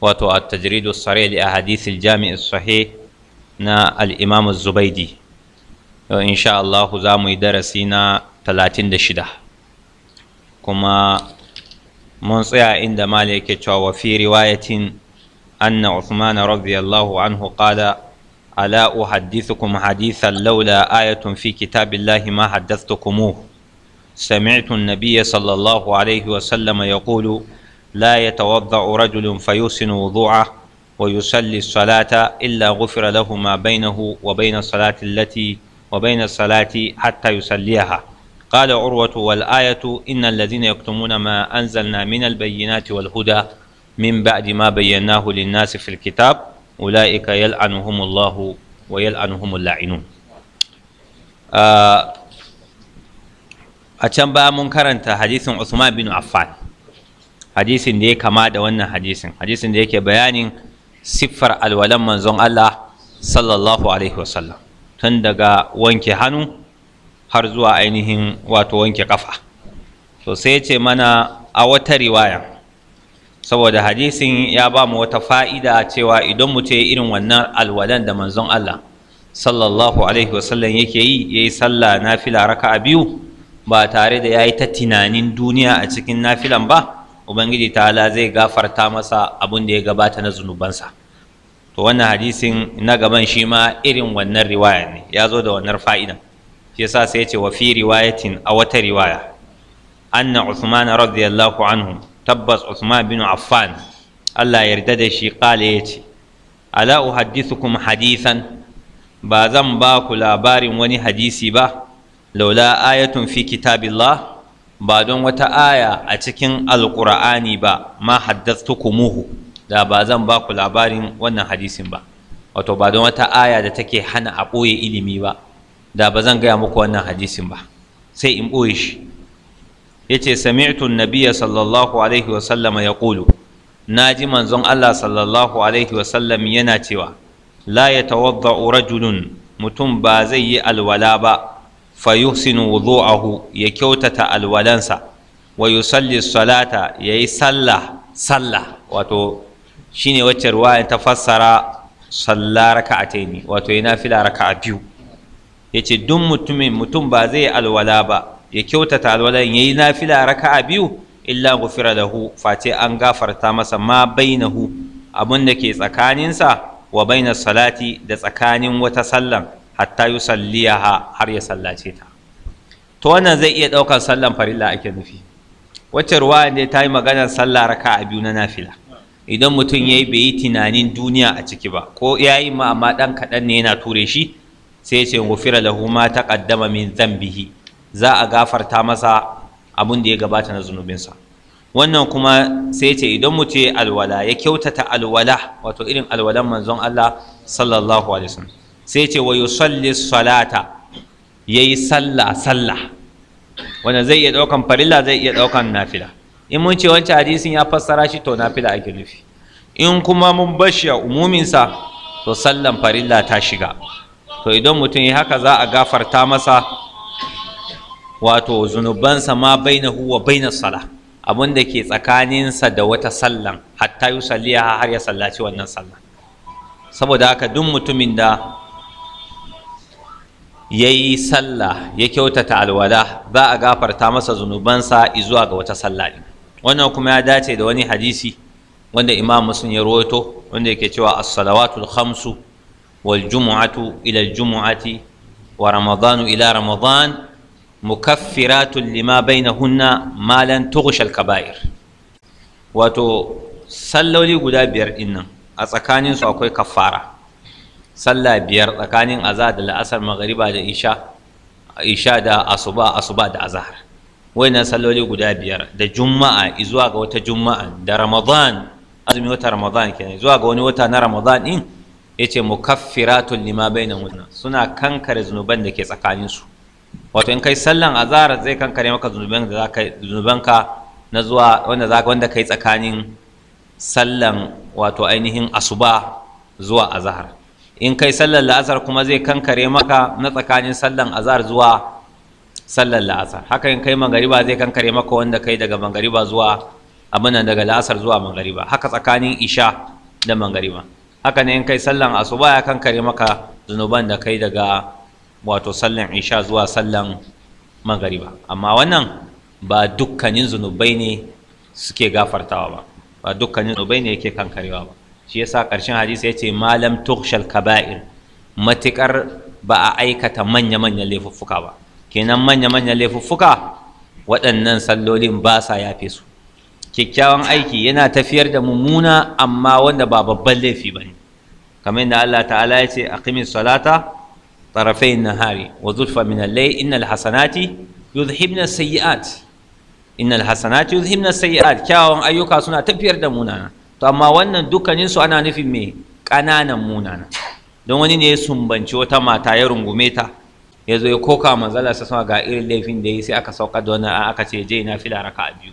wato a tajridu sare da ahadith al sahih na al-imam az yau za mu yi darasi na 36 kuma mun tsaya inda mali yake cewa wafi fi riwayatin anna Uthman radiyallahu anhu qala ala uhaddithukum hadithan laula ayatun fi kitabillahi ma haddathtukumuhu sami'tu an-nabiyya sallallahu alayhi wa sallama yaqulu لا يتوضأ رجل فيحسن وضوعه ويصلي الصلاة إلا غفر له ما بينه وبين الصلاة التي وبين الصلاة حتى يصليها قال عروة والآية إن الذين يكتمون ما أنزلنا من البينات والهدى من بعد ما بيناه للناس في الكتاب أولئك يلعنهم الله ويلعنهم اللاعنون آه أتنبأ منكرا حديث عثمان بن عفان hadisin da ya kama da wannan hadisin hadisin da yake bayanin siffar alwalan manzon Allah sallallahu alaihi wasallam tun daga wanke hannu har zuwa ainihin wato wanke kafa to sai ce mana a wata riwaya saboda hadisin ya ba mu wata fa'ida cewa idan mu ce irin wannan alwalan da manzon Allah sallallahu alaihi wasallam yake yi ya yi sallah nafila raka'a biyu ba tare da ya yi ta tunanin duniya a cikin nafilan ba ubangiji ta'ala zai gafarta masa abin da ya gabata na zunubansa to wannan hadisin na gaban shi ma irin wannan riwaya ne ya zo da wannan fa'idan shi yasa sai ya ce wa fi riwayatin a wata riwaya anna Usman radiyallahu anhu tabbas Usman bin Affan Allah yarda da shi kale ya ce ala uhaddithukum hadisan ba zan ba ku labarin wani hadisi ba laula ayatun fi kitabillah ba don wata aya a cikin alƙur'ani ba ma haddathtukumuhu da ba zan ba ku labarin wannan hadisin ba wato ba don wata aya da take hana a ɓoye ilimi ba da ba zan gaya muku wannan hadisin ba sai in ɓoye shi ya ce sami'tu nabiya sallallahu alaihi wasallama ya ƙulu na ji manzon Allah sallallahu alaihi wasallam yana cewa la ya rajulun mutum ba zai yi alwala ba fa yuhsinu wudu'ahu ya kyautata alwalansa wa yusalli salata yayi sallah sallah wato shine wacce ruwaya ta fassara sallah raka'ataini wato yana fila raka'a biyu yace duk mutumin mutum ba zai alwala ba ya kyautata alwalan yayi nafila raka'a biyu illa gufira lahu face an gafarta masa ma bainahu abun da ke tsakaninsa wa baina salati da tsakanin wata sallan hatta yusalliyaha har ya sallace ta to wannan zai iya ɗaukar sallan farilla ake nufi wacce ruwa ne ta yi maganar sallah raka a biyu na nafila idan mutum ya yi bai yi tunanin duniya a ciki ba ko ya yi ma amma ɗan kaɗan ne yana ture shi sai ce gufira da ma ta ƙaddama min zambihi za a gafarta masa abin da ya gabata na zunubinsa wannan kuma sai ce idan mutum ya alwala ya kyautata alwala wato irin alwalan manzon Allah sallallahu alaihi wasallam sai ce wa salli salata ya yi salla salla wanda zai iya daukan farilla zai iya daukan nafila in mun ce wancan hadisin ya fassara shi to nafila ake nufi in kuma mun bashi a umuminsa to sallan farilla ta shiga to idan mutum ya haka za a gafarta masa wato zunubansa ma bai na huwa bai na sala abin da ke tsakaninsa da wata sallan hatta yi salliya har ya sallaci wannan sallan saboda haka duk mutumin da ya yi sallah ya kyautata alwala za a gafarta masa zunubansa zuwa ga wata sallah ɗin wannan kuma ya dace da wani hadisi wanda imam muslim ya rawaito wanda yake cewa as-salawatul khamsu wal jumu'atu ila al jumu'ati wa ramadanu ila ramadan mukaffiratun lima bainahunna ma lan tughsha kaba'ir wato salloli guda biyar dinnan a tsakaninsu akwai kaffara salla biyar tsakanin azhar da la'asar magariba da isha isha da asuba asuba da azhar wayannan salloli guda biyar da juma'a zuwa ga wata juma'a da ramadan azumi wata ramadan kenan zuwa ga wani wata na ramadan din yace mukaffiratun lima bainahunna suna kankare zunuban da ke tsakanin su wato in kai sallan azahar zai kankare maka zunuban da zaka zunubanka na zuwa wanda zaka wanda kai tsakanin sallan wato ainihin asuba zuwa azahar in kai sallar la'asar kuma zai kankare maka na tsakanin sallan azar zuwa sallar la'asar haka in kai magariba zai kankare maka wanda kai daga magariba zuwa abin daga la'asar zuwa magariba haka tsakanin isha da magariba haka ne in kai sallan asuba ya kankare maka zunuban da kai daga wato sallar isha zuwa sallan magariba amma wannan ba dukkanin zunubai ne suke gafartawa ba ba dukkanin zunubai ne yake kankarewa ba shi yasa ƙarshen hadisi ce malam tukhshal kaba'ir matikar ba a aikata manya manyan laifuffuka ba kenan manya manyan laifuffuka waɗannan sallolin ba sa yafe su kyakkyawan aiki yana tafiyar da mummuna amma wanda ba babban laifi ba ne kamar yadda Allah ta'ala ya ce aqimis salata طرفي النهار وزلفى من الليل إن الحسنات يذهبن السيئات إن الحسنات يذهبن kyawawan ayyuka suna tafiyar da munana. to amma wannan dukkanin su ana nufin me ƙananan munana don wani ne ya sumbanci wata mata ya rungume ta ya zo ya koka manzala sa sama ga irin laifin da ya sai aka sauka da wannan aka ce je na fila raka biyu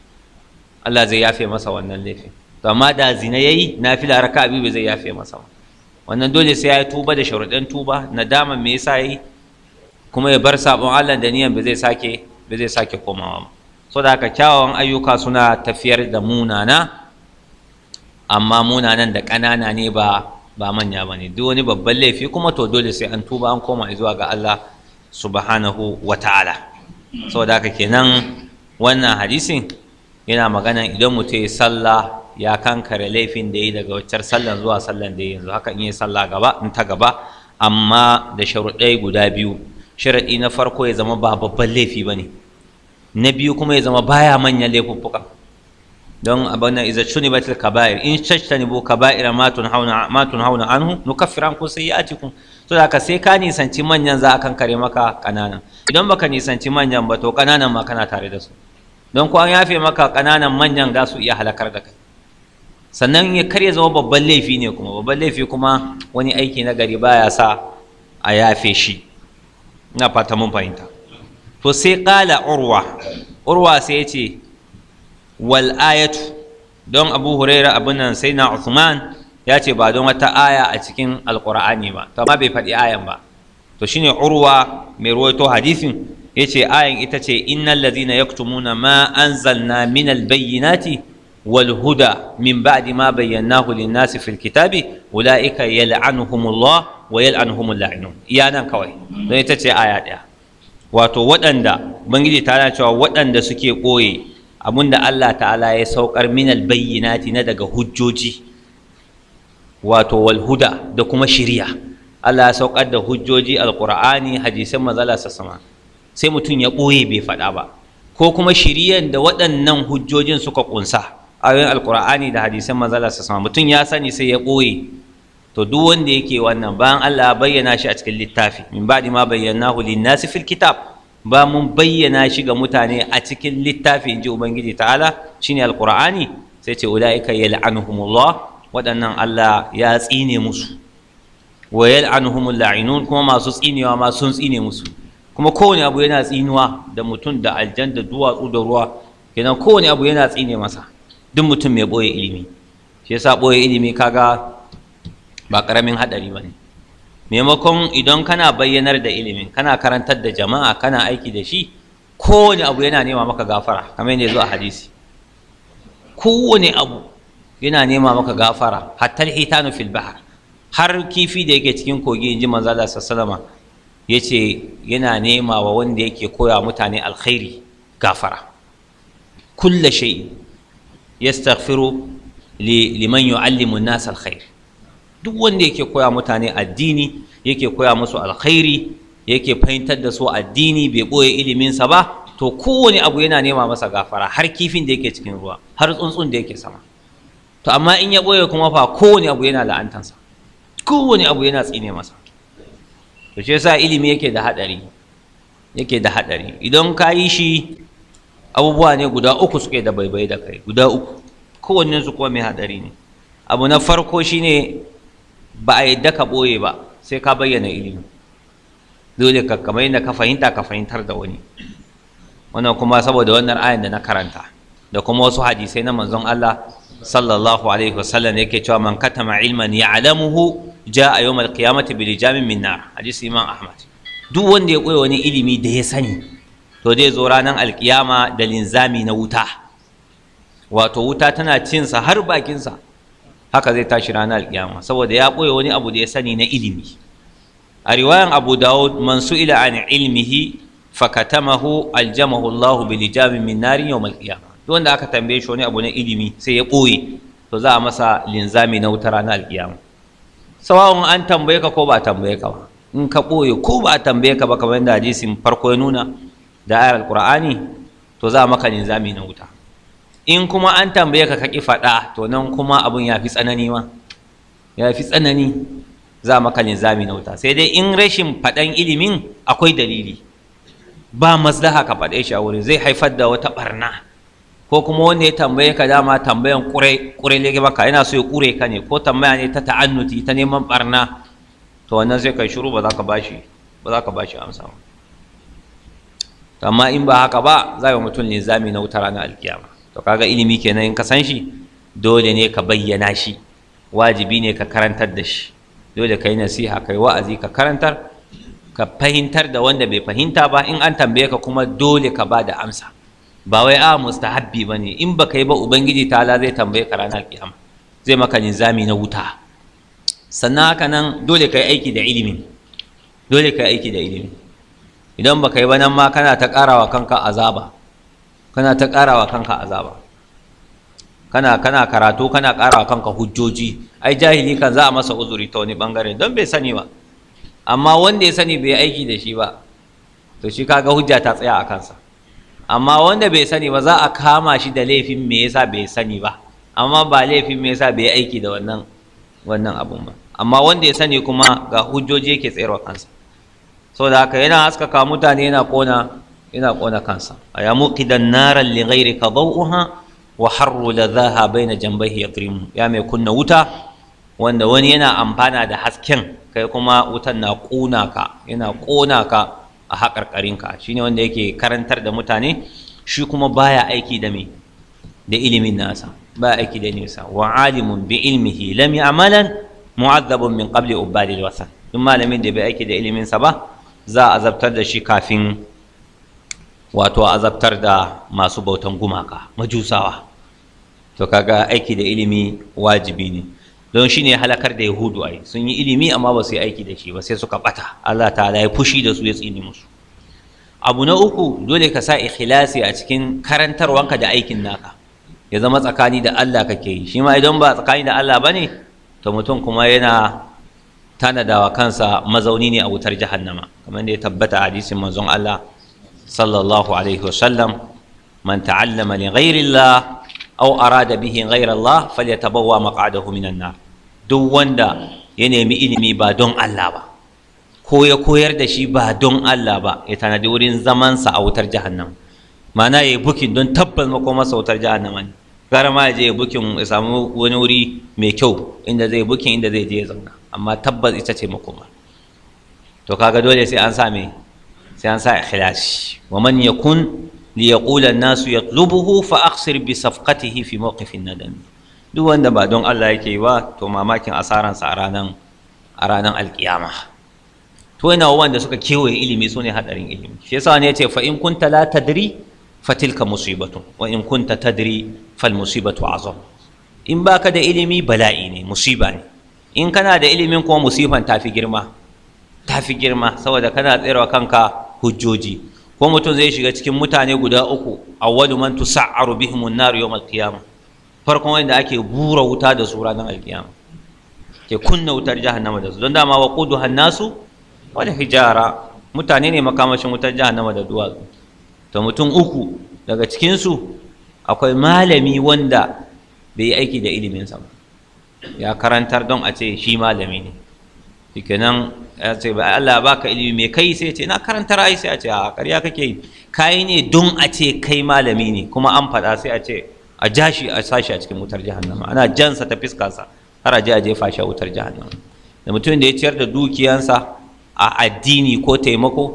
Allah zai yafe masa wannan laifin to amma da zina ya yi na fila raka biyu zai yafe masa ba wannan dole sai ya yi tuba da sharuɗan tuba nadama me yasa yi kuma ya bar sabon Allah da niyan ba zai sake ba zai sake komawa ba saboda haka kyawawan ayyuka suna tafiyar da munana amma muna nan da ƙanana ne ba ba manya ba ne duk wani babban laifi kuma to dole sai an tuba an koma zuwa ga Allah subhanahu wa ta'ala saboda haka kenan wannan hadisin yana magana idan mutum ya sallah ya kankare laifin da yi daga waccar sallan zuwa sallan da yi yanzu haka in yi sallah gaba in ta gaba amma da sharuɗai guda biyu sharaɗi na farko ya zama ba babban laifi ba ne na biyu kuma ya zama baya manyan laifuffuka don abin nan idza shunibatil kaba'ir in tashtanibu kaba'ira hauna tunhauna ma tunhauna anhu nukaffir ankum sayyi'atikum to da ka sai ka nisanci manyan za a kan kare maka kanana idan baka nisanci manyan ba to kananan ma kana tare da su don ko an yafe maka kananan manyan za su iya halakar da kai sannan ya karya zama babban laifi ne kuma babban laifi kuma wani aiki na gari baya sa a yafe shi ina fata mun fahimta to sai kala urwa urwa sai ce wal ayatu don abu huraira abin nan sai na Usman ya ce ba don wata aya a cikin alqur'ani ba to ma bai faɗi ayan ba to shine urwa mai ruwaito hadisin yace ayan ita ce innal ladhina yaktumuna ma anzalna minal bayyinati wal huda min ba'di ma bayyanahu lin nasi fil kitabi ulaika yal'anuhumullah wa yal'anuhumul la'inun iya nan kawai don ita ce aya daya wato waɗanda bangiji ta cewa waɗanda suke ɓoye da Allah ta'ala ya saukar minal bayyinati na daga hujjoji wato walhuda da kuma shiriya Allah ya saukar da hujjoji alqur'ani hadisan mazala sassama sai mutum ya ɓoye bai faɗa ba ko kuma shiriyan da waɗannan hujjojin suka ƙunsa ayoyin alkur'ani da hadisan mazala sassama, mutum ya sani sai ya ɓoye to duk wanda yake wannan bayan Allah ya bayyana shi a cikin littafi min ba'di ma bayyanahu lin-nasi fil kitab ba mun bayyana shi ga mutane a cikin littafin ji ubangiji ta'ala shine alqur'ani sai ce ulaika yal'anuhumullah waɗannan Allah ya tsine musu wa yal'anuhumul la'inun kuma masu tsinewa ma sun tsine musu kuma kowane abu yana tsinuwa da mutum da aljan da duwatsu da ruwa kenan kowane abu yana tsine masa duk mutum mai boye ilimi shi yasa boye ilimi kaga ba karamin hadari bane maimakon idan kana bayyanar da ilimin kana karantar da jama'a kana aiki da shi kowane abu yana nema maka gafara kamar yadda zuwa hadisi kowane abu yana nema maka gafara hatta hitanu fil bahar har kifi da yake cikin kogi inji manzo Allah sallama yace yana nema wa wanda yake koya mutane alkhairi gafara kullu shay yastaghfiru liman yu'allimu an-nas alkhair duk wanda yake koya mutane addini yake koya musu alkhairi yake fahimtar da su addini bai boye iliminsa ba to kowane abu yana nema masa gafara har kifin da yake cikin ruwa har tsuntsun da yake sama to amma in ya boye kuma fa kowane abu yana la'antansa kowane abu yana tsine masa to shi yasa ilimi yake da hadari yake da hadari idan ka yi shi abubuwa ne guda uku suke da baibai da kai guda uku Kowannensu kuma mai hadari ne abu na farko shine ba a yadda ka ɓoye ba sai ka bayyana ilimi dole ka kamar yadda ka fahimta ka fahimtar da wani wannan kuma saboda wannan ayan da na karanta da kuma wasu hadisai na manzon Allah sallallahu alaihi wasallam yake cewa man katama ilman ya'lamuhu ja'a yawmal qiyamati bil jamin min nar hadisi imam ahmad duk wanda ya koyi wani ilimi da ya sani to zai zo ranar alkiyama da linzami na wuta wato wuta tana cinsa har bakinsa haka zai tashi ranar alƙiyama saboda ya ɓoye wani abu da ya sani na ilimi a riwayan abu dawud man su'ila an ilmihi fakatamahu aljamahu allah bil jami min narin yawm al duk wanda aka tambaye shi wani abu na ilimi sai ya ɓoye to za a masa linzami na wuta ranar alkiyama sawa'un an tambaye ka ko ba tambaye ka ba in ka ɓoye ko ba tambaye ka ba kamar yadda hadisin farko ya nuna da ayar Alƙur'ani? to za a maka linzami na wuta in kuma an tambaye ka kaki faɗa to nan kuma abun ya fi tsanani ma ya fi tsanani za maka linzami na wuta sai dai in rashin faɗan ilimin akwai dalili ba maslaha ka faɗe shi a wurin zai haifar da wata ɓarna ko kuma wanda ya tambaye ka dama tambayan ƙure ƙure lege maka yana so ya ƙure ka ne ko tambaya ne ta ta'annuti ta neman ɓarna to wannan zai kai shiru ba za ka bashi ba za ka bashi amsa amma in ba haka ba za ka mutum linzami na wuta ranar alkiyama to kaga ilimi kenan in ka san shi dole ne ka bayyana shi wajibi ne ka karantar da shi dole ka yi nasiha kai, wa'azi ka karantar ka fahimtar da wanda bai fahimta ba in an tambaye ka kuma dole ka ba da amsa ba wai a ah, mustahabbi ba ne in baka yi ba ubangiji ta'ala zai tambaye ka ranar kiyama zai maka nizami na wuta sannan haka nan dole ka yi aiki da ilimin dole ka aiki da ilimin idan baka yi ba nan ma kana ta ƙarawa kanka azaba kana ta ƙarawa kanka azaba kana kana karatu kana ƙarawa kanka hujjoji ai jahili kan za a masa uzuri ta wani bangare don bai sani ba amma wanda ya sani bai aiki da shi ba to shi kaga hujja ta tsaya a kansa amma wanda bai sani ba za a kama shi da laifin me yasa bai sani ba amma ba laifin me yasa bai aiki da wannan wannan abun ba amma wanda ya sani kuma ga hujjoji yake tsayarwa kansa saboda haka yana haskaka mutane yana kona yana kona kansa aya muqidan naran li ghayrika dawuha wa harru ladhaha baina jambayhi yadrimu ya mai kunna wuta wanda wani yana amfana da hasken kai kuma wutan na kona ka yana kona ka a haƙarƙarinka shine wanda yake karantar da mutane shi kuma baya aiki da me da ilimin nasa ba aiki da nisa wa alimun bi ilmihi lam ya'malan mu'azzabun min qabli ubadil wasan duk malamin da bai aiki da ilimin sa ba za a azabtar da shi kafin wato azabtar da masu bautan gumaka majusawa to kaga aiki da ilimi wajibi ne don shi ne halakar da yahudu ai sun yi ilimi amma ba su yi aiki da shi ba sai suka bata allah ta'ala ya fushi da su ya tsini musu abu na uku dole ka sa ikhlasi a cikin karantarwanka da aikin naka ya zama tsakani da allah kake yi shi ma idan ba tsakani da allah bane to mutum kuma yana tanadawa kansa mazauni ne a wutar jahannama kamar da ya tabbata a hadisin manzon allah sallallahu alaihi wasallam man ta'allama bihin ghairillah aw arada bihi ghairallah falyatabawwa maq'adahu minan nar duk wanda ya nemi ilimi ba don Allah ba ko ya koyar da shi ba don Allah ba ya tanadi wurin zamansa a wutar jahannam ma'ana ya yi bukin don tabbas makomarsa wutar jahannama ne gara ma ya je ya bukin ya samu wani wuri mai kyau inda zai bukin inda zai je ya zauna amma tabbas ita ce makoma to kaga dole sai an sa mai sai an sa ikhlasi wa man yakun li yaqula an-nasu yatlubuhu fa akhsir bi safqatihi fi mawqifin nadam duk wanda ba don Allah yake ba to mamakin asaransa a ranan a ranan alkiyama to yana wanda suka kewaye ilimi su ne hadarin ilimi shi yasa ne yace fa in kunta la tadri fa tilka musibatun wa in kunta tadri fal musibatu azam in baka da ilimi bala'i ne musiba ne in kana da ilimin kuma musifan fi girma fi girma saboda kana tsirawa kanka hujjoji ko mutum zai shiga cikin mutane guda uku wani man tusa'aru bihim an-nar yawm al farkon wanda ake bura wuta da su ranar al ke kunna wutar jahannama da su don dama wa qudu hannasu wal hijara mutane ne makamashin wutar jahannama da duwatsu to mutum uku daga cikinsu akwai malami wanda bai yi aiki da iliminsa ba ya karantar don a ce shi malami ne shikenan ya ce ba Allah ba ka ilimi mai kai sai ce na karanta ra'ayi sai a ce a ƙarya kake yi kai ne don a ce kai malami ne kuma an faɗa sai a ce a ja a sashi a cikin wutar jahannama ana jansa ta fiskansa har a je a jefa shi a wutar jahannama da mutumin da ya ciyar da dukiyansa a addini ko taimako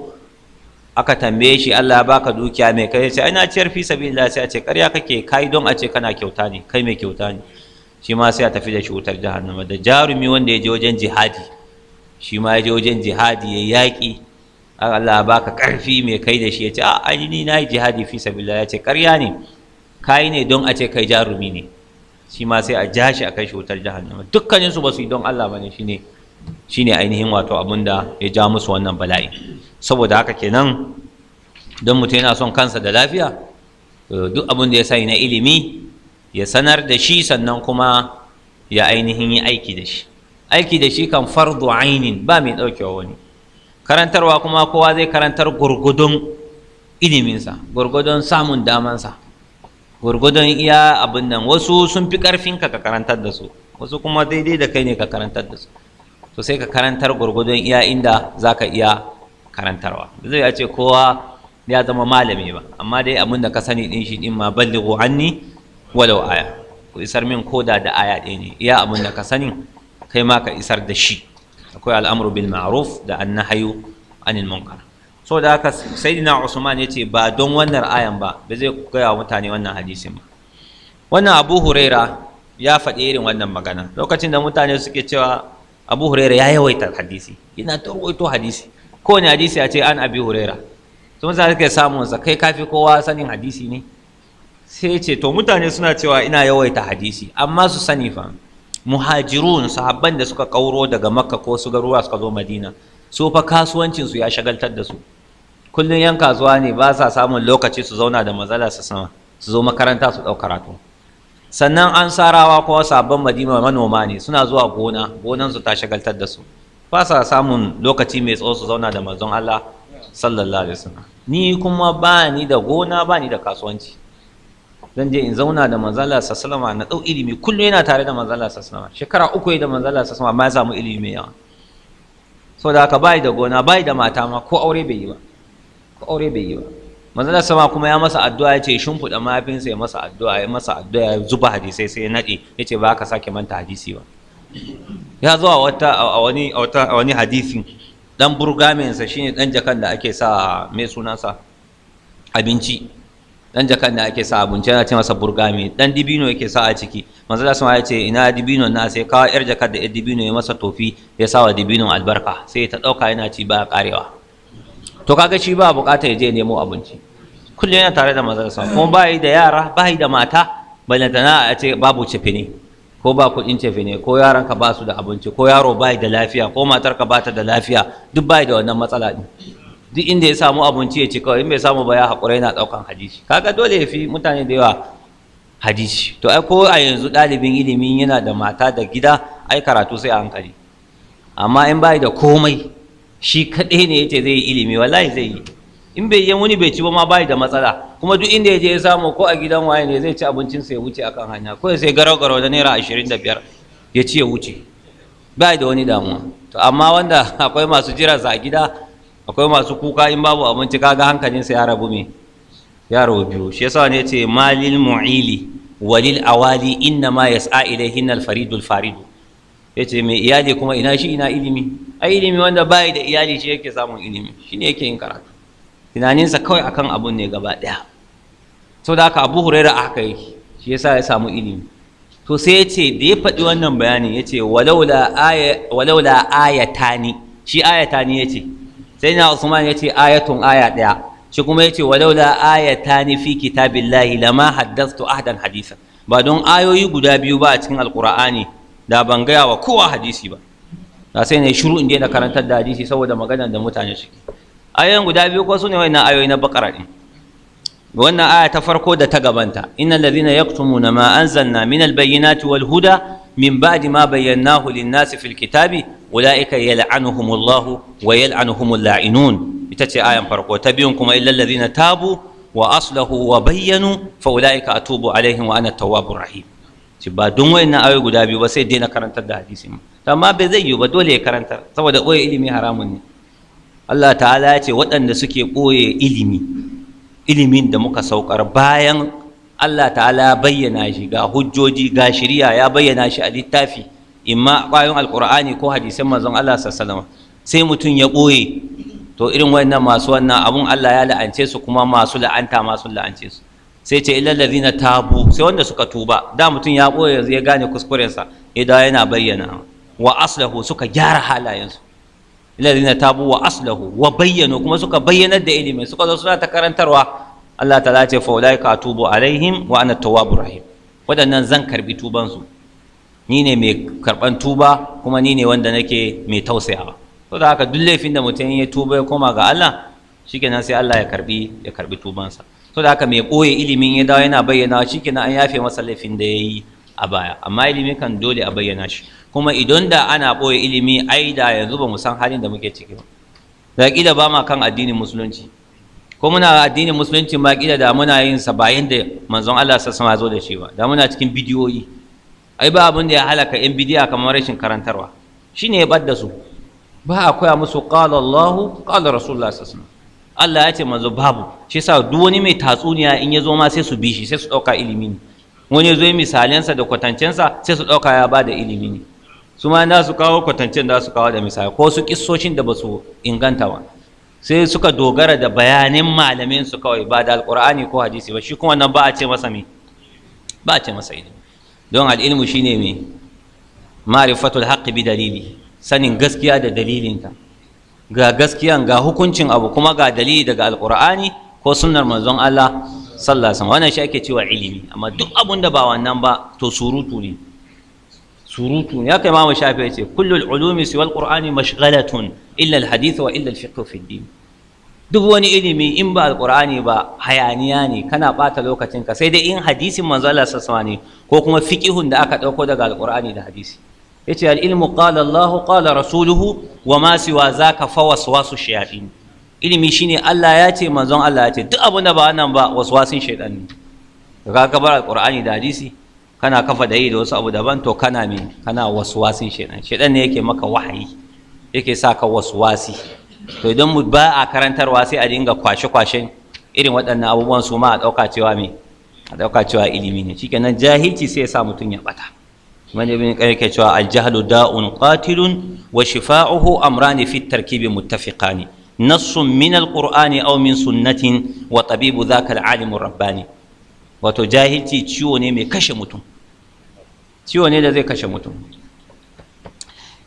aka tambaye shi Allah ba ka dukiya mai kai sai ina ciyar fi Allah sai a ce ƙarya kake kai don a ce kana kyauta ne kai mai kyauta ne shi ma sai a tafi da shi wutar jahannama da jarumi wanda ya je wajen jihadi shi ma ya je wajen jihadi ya yaƙi Allah baka ƙarfi mai kai da shi ya ce a ah, an ni na yi jihadi fi sabilillah ya ce ƙarya ne kayi ne don a ce kai jarumi ne shi ma sai a ja shi a kai shi wutar jahannama dukkanin su ba su yi don Allah ba ne shine ne ainihin wato abin da ya ja musu wannan bala'i saboda haka kenan don mutum yana son kansa da lafiya duk abin da ya sani na ilimi ya sanar da shi sannan kuma ya ainihin yi aiki da shi aiki da shi kan fardu ainin ba mai ɗaukewa wani karantarwa kuma kowa zai karantar gurgudun iliminsa gurgudun samun damansa gurgudun iya abin nan wasu sun fi ƙarfinka ka karantar da su wasu kuma daidai da kai ne ka karantar da su to sai ka karantar gurgudun iya inda za ka iya karantarwa zai ya ce kowa ya zama malami ba amma dai abin da ka sani din shi din ma balli anni walau aya ku isar min koda da aya ɗaya ne iya abin da ka sani kai ma ka isar da shi akwai al'amuru bil ma'ruf da annahayu, anil munkar so da haka sayyidina usman yace ba don wannan ayan ba ba zai gaya wa mutane wannan hadisin ba wannan abu huraira ya faɗi irin wannan magana lokacin da mutane suke cewa abu huraira ya yawaita hadisi yana ta hadisi kowane hadisi ya ce an abi huraira sun mutane suke samun sa kai kafi kowa sanin hadisi ne sai ce to mutane suna cewa ina yawaita hadisi amma su sani fa muhajirun sahabban da suka kauro daga makka ko su garuruwa suka zo madina su fa kasuwancin su ya shagaltar da su kullun yan kasuwa ne ba sa samun lokaci su zauna da mazala su sama su zo makaranta su dauka karatu sannan an sarawa ko sabon madina manoma ne suna zuwa gona gonan su ta shagaltar da su ba sa samun lokaci mai tsawo su zauna da manzon Allah sallallahu alaihi wasallam ni kuma ba ni da gona ba ni da kasuwanci zan je in zauna da manzala sallama na dau ilimi kullum yana tare da manzala shekara uku yi da manzala sallama ma samu ilimi mai yawa so da haka bayi da gona bayi da mata ma ko aure bai yi ba ko aure bai yi ba manzala sama kuma ya masa addu'a ya ce shimfiɗa mahaifinsa ya masa addu'a ya masa addu'a ya zuba hadisai sai ya naɗe ya ce ba ka sake manta hadisi ba ya zo a wata a wani a wani hadisin dan burgamensa shine dan jakan da ake sa mai sunansa abinci dan jakan da ake sa abinci yana ce masa burgami dan dibino yake sa a ciki manzo da sama ya ce ina dibino na sai kawo yar jakar da yar dibino ya masa tofi ya sa wa dibinon albarka sai ta dauka yana ci ba karewa to kaga shi ba bukata ya je nemo abinci kullum yana tare da manzo da sama kuma ba yi da yara ba da mata balantana a ce babu ne? ko ba kuɗin cefe ne ko ka ba su da abinci ko yaro bai da lafiya ko matar ka ba ta da lafiya duk bai da wannan matsala din duk inda ya samu abinci ya ci kawai in bai samu ba ya haƙura yana ɗaukan hadisi kaga dole ya fi mutane da yawa hadisi to ai ko a yanzu ɗalibin ilimi yana da mata da gida ai karatu sai a hankali amma in bai da komai shi kaɗai ne yace zai yi ilimi wallahi zai yi in bai yi wani bai ci ba ma bai da matsala kuma duk inda ya je ya samu ko a gidan waye ne zai ci abincin abincinsa ya wuce akan hanya ko sai garau garau da naira ashirin da biyar ya ci ya wuce bai da wani damuwa to amma wanda akwai masu jiransa a gida akwai masu kuka in babu abinci kaga hankalinsa ya rabu me ya rabu biyu shi yasa ne ce malil mu'ili walil awali inna ma yas'a ilayhin al faridul faridu yace mai iyali kuma ina shi ina ilimi ai ilimi wanda bai da iyali shi yake samun ilimi shine yake yin karatu tunaninsa kawai akan abun ne gaba daya da haka Abu da haka yake shi yasa ya samu ilimi to sai ya ce da ya faɗi wannan bayanin ya ce walau walaula ayatani shi ayatani ya ce sai na usman ya ce ayatun aya ɗaya shi kuma ya ce walaula ni fi kitabillahi lama haddastu ahdan hadisa ba don ayoyi guda biyu ba a cikin alqur'ani da ban gaya wa kowa hadisi ba da sai ne shiru in daina karantar da hadisi saboda maganar da mutane suke ayoyin guda biyu ko sune ne wannan ayoyi na bakara wannan aya ta farko da ta gabanta innal ladhina yaktumuna ma anzalna minal bayyinati wal huda min ba'di ma bayyanahu lin-nasi fil kitabi ulaika yal'anuhumullahu wa yal'anuhumul la'inun ita ce ayan farko ta biyun kuma illal na tabu wa aslahu wa bayyanu fa ulaika atubu alaihim wa ana tawwabur rahim ci ba don wayannan ayoyi guda biyu ba sai daina karantar da hadisi amma bai zai yiwu ba dole ya karantar saboda ɓoye ilimi haramun ne Allah ta'ala ya ce waɗanda suke ɓoye ilimi ilimin da muka saukar bayan Allah ta'ala ya bayyana shi ga hujjoji ga shiriya ya bayyana shi a littafi imma ƙwayon alƙur'ani ko hadisan manzon Allah sallallahu sai mutum ya ɓoye to irin wannan masu wannan abun Allah ya la'ance su kuma masu la'anta masu la'ance su sai ce illal ladina tabu sai wanda suka tuba da mutum ya ɓoye yanzu ya gane kuskurensa idan yana bayyana wa aslahu suka gyara halayensu illal ladina tabu wa aslahu wa bayyana kuma suka bayyanar da ilimi suka zo suna ta karantarwa Allah ta ce fa tubo tubo alaihim wa ana tawwabur rahim waɗannan zan karɓi tubansu. ni ne mai karɓan tuba kuma ni ne wanda nake mai tausayawa to da haka duk laifin da mutum ya tuba ya koma ga Allah shikenan sai Allah ya karɓi ya karɓi tubansa to da haka mai ɓoye ilimin ya dawo yana bayyana shikenan an yafe masa laifin da ya yi a baya amma ilimi kan dole a bayyana shi kuma idan da ana ɓoye ilimi ai da yanzu ba mu san halin da muke ciki ba da bama ba ma kan addinin musulunci ko muna addinin musulunci ma kila da muna yin sa bayan da manzon Allah sallallahu alaihi zo da shi ba da muna cikin bidiyoyi ai ba abin da ya halaka yan bidiya kamar rashin karantarwa shine ya badda su ba a koya musu qala Allahu qala rasulullah sallallahu alaihi Allah ya ce manzo babu shi yasa duk wani mai tatsuniya in ya zo ma sai su bi shi sai su dauka ilimi ne wani zo misalensa da kwatancensa sai su dauka ya bada ilimi ne su ma na su kawo kwatancen da su kawo da misali ko su kissocin da ba su inganta ba sai suka dogara da bayanin malamin su kawai ba da alqur'ani ko hadisi ba shi kuma nan ba a ce masa me ba a ce masa ilimi don al'ilmu shine me ma'rifatul haqqi bi dalili sanin gaskiya da dalilinta ga gaskiyan ga hukuncin abu kuma ga dalili daga alkur'ani ko sunnar manzon Allah sallallahu alaihi wasallam wannan shi ake cewa ilimi amma duk abun da ba wannan ba to surutu ne surutu ya kai mamu shafi ya ce kullul ulumi siwal qur'ani mashghalatun illa hadisi wa illa alfiqh fi din duk wani ilimi in ba alqur'ani ba hayaniya ne kana bata lokacin ka sai dai in hadisin manzo Allah sallallahu alaihi wasallam ne ko kuma fiqihun da aka dauko daga alqur'ani da hadisi yace al-ilmu qala Allah qala rasuluhu wa ma siwa zaka fa waswasu shayatin ilimi shine Allah ya ce manzon Allah ya ce duk abin da ba nan ba waswasin shaytan ne kaga bar alqur'ani da hadisi kana kafa da yi da wasu abu daban to kana me kana waswasin shedan shedan ne yake maka wahayi yake sa ka waswasi to idan mu ba a karantarwa sai a dinga kwashe kwashe irin waɗannan abubuwan su ma a ɗauka cewa me a ɗauka cewa ilimi ne shikenan jahilci sai ya sa mutum ya ɓata ne ibn yake cewa aljahalu da'un qatilun wa shifa'uhu amrani fi tarkibi muttafiqani نص من القرآن أو من سنة وطبيب ذاك العالم الرباني وتجاهلتي mai مي كشمتم ciwo ne da zai kashe mutum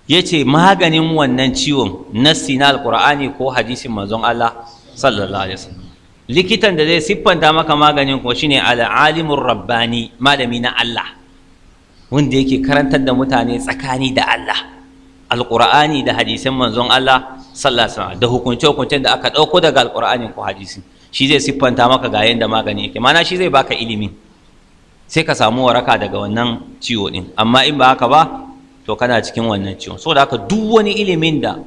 yace maganin wannan ciwon nassi na alqur'ani ko hadisin manzon Allah sallallahu alaihi wasallam likitan da zai siffanta maka maganin kuma shine al-alimur rabbani malami na Allah wanda yake karantar da mutane tsakani da Allah alqur'ani da hadisin manzon Allah sallallahu alaihi wasallam da hukunce hukuncen da aka dauko daga alkurani ko hadisi shi zai siffanta maka ga yanda magani yake mana shi zai baka ilimi sai ka samu waraka daga wannan ciwo din amma in ba haka ba to kana cikin wannan ciwon so da haka duk wani ilimin da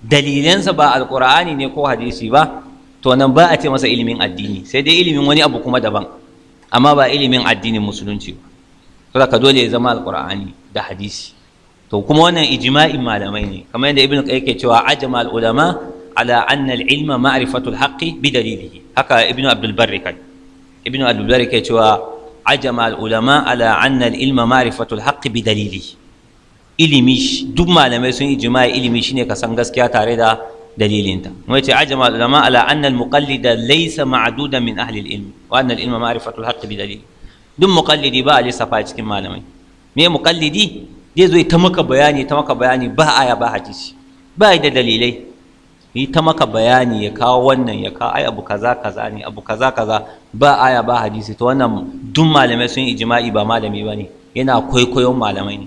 dalilansa ba alkur'ani ne ko hadisi ba to nan ba a ce masa ilimin addini sai dai ilimin wani abu kuma daban amma ba ilimin addinin musulunci ba to da ka dole ya zama alkur'ani da hadisi to kuma wannan ijma'in malamai ne kamar yadda Ibn qayyim ke cewa ajma ulama ala anna al-ilma ma'rifatu al-haqqi bi dalilihi haka Ibn abdul barri kai Ibn abdul barri ke cewa ajma al-ulama ala anna al-ilma ma'rifatu al bi dalili ilimi duk malamai sun ijma'i ilimi shine ka san gaskiya tare da dalilinta wai ce ajma al-ulama ala anna al-muqallida laysa ma'dudan min ahli al-ilm wa anna al-ilma ma'rifatu al-haqq bi dalil duk muqallidi ba Alisa lissafa cikin malamai me muqallidi zai zo ta maka bayani ta maka bayani ba aya ba hadisi ba da dalilai yi ta maka bayani ya kawo wannan ya kawo ai abu kaza kaza ne abu kaza kaza ba aya ba hadisi to wannan duk malamai sun yi ijma'i ba malami ba ne yana kwaikwayon malamai ne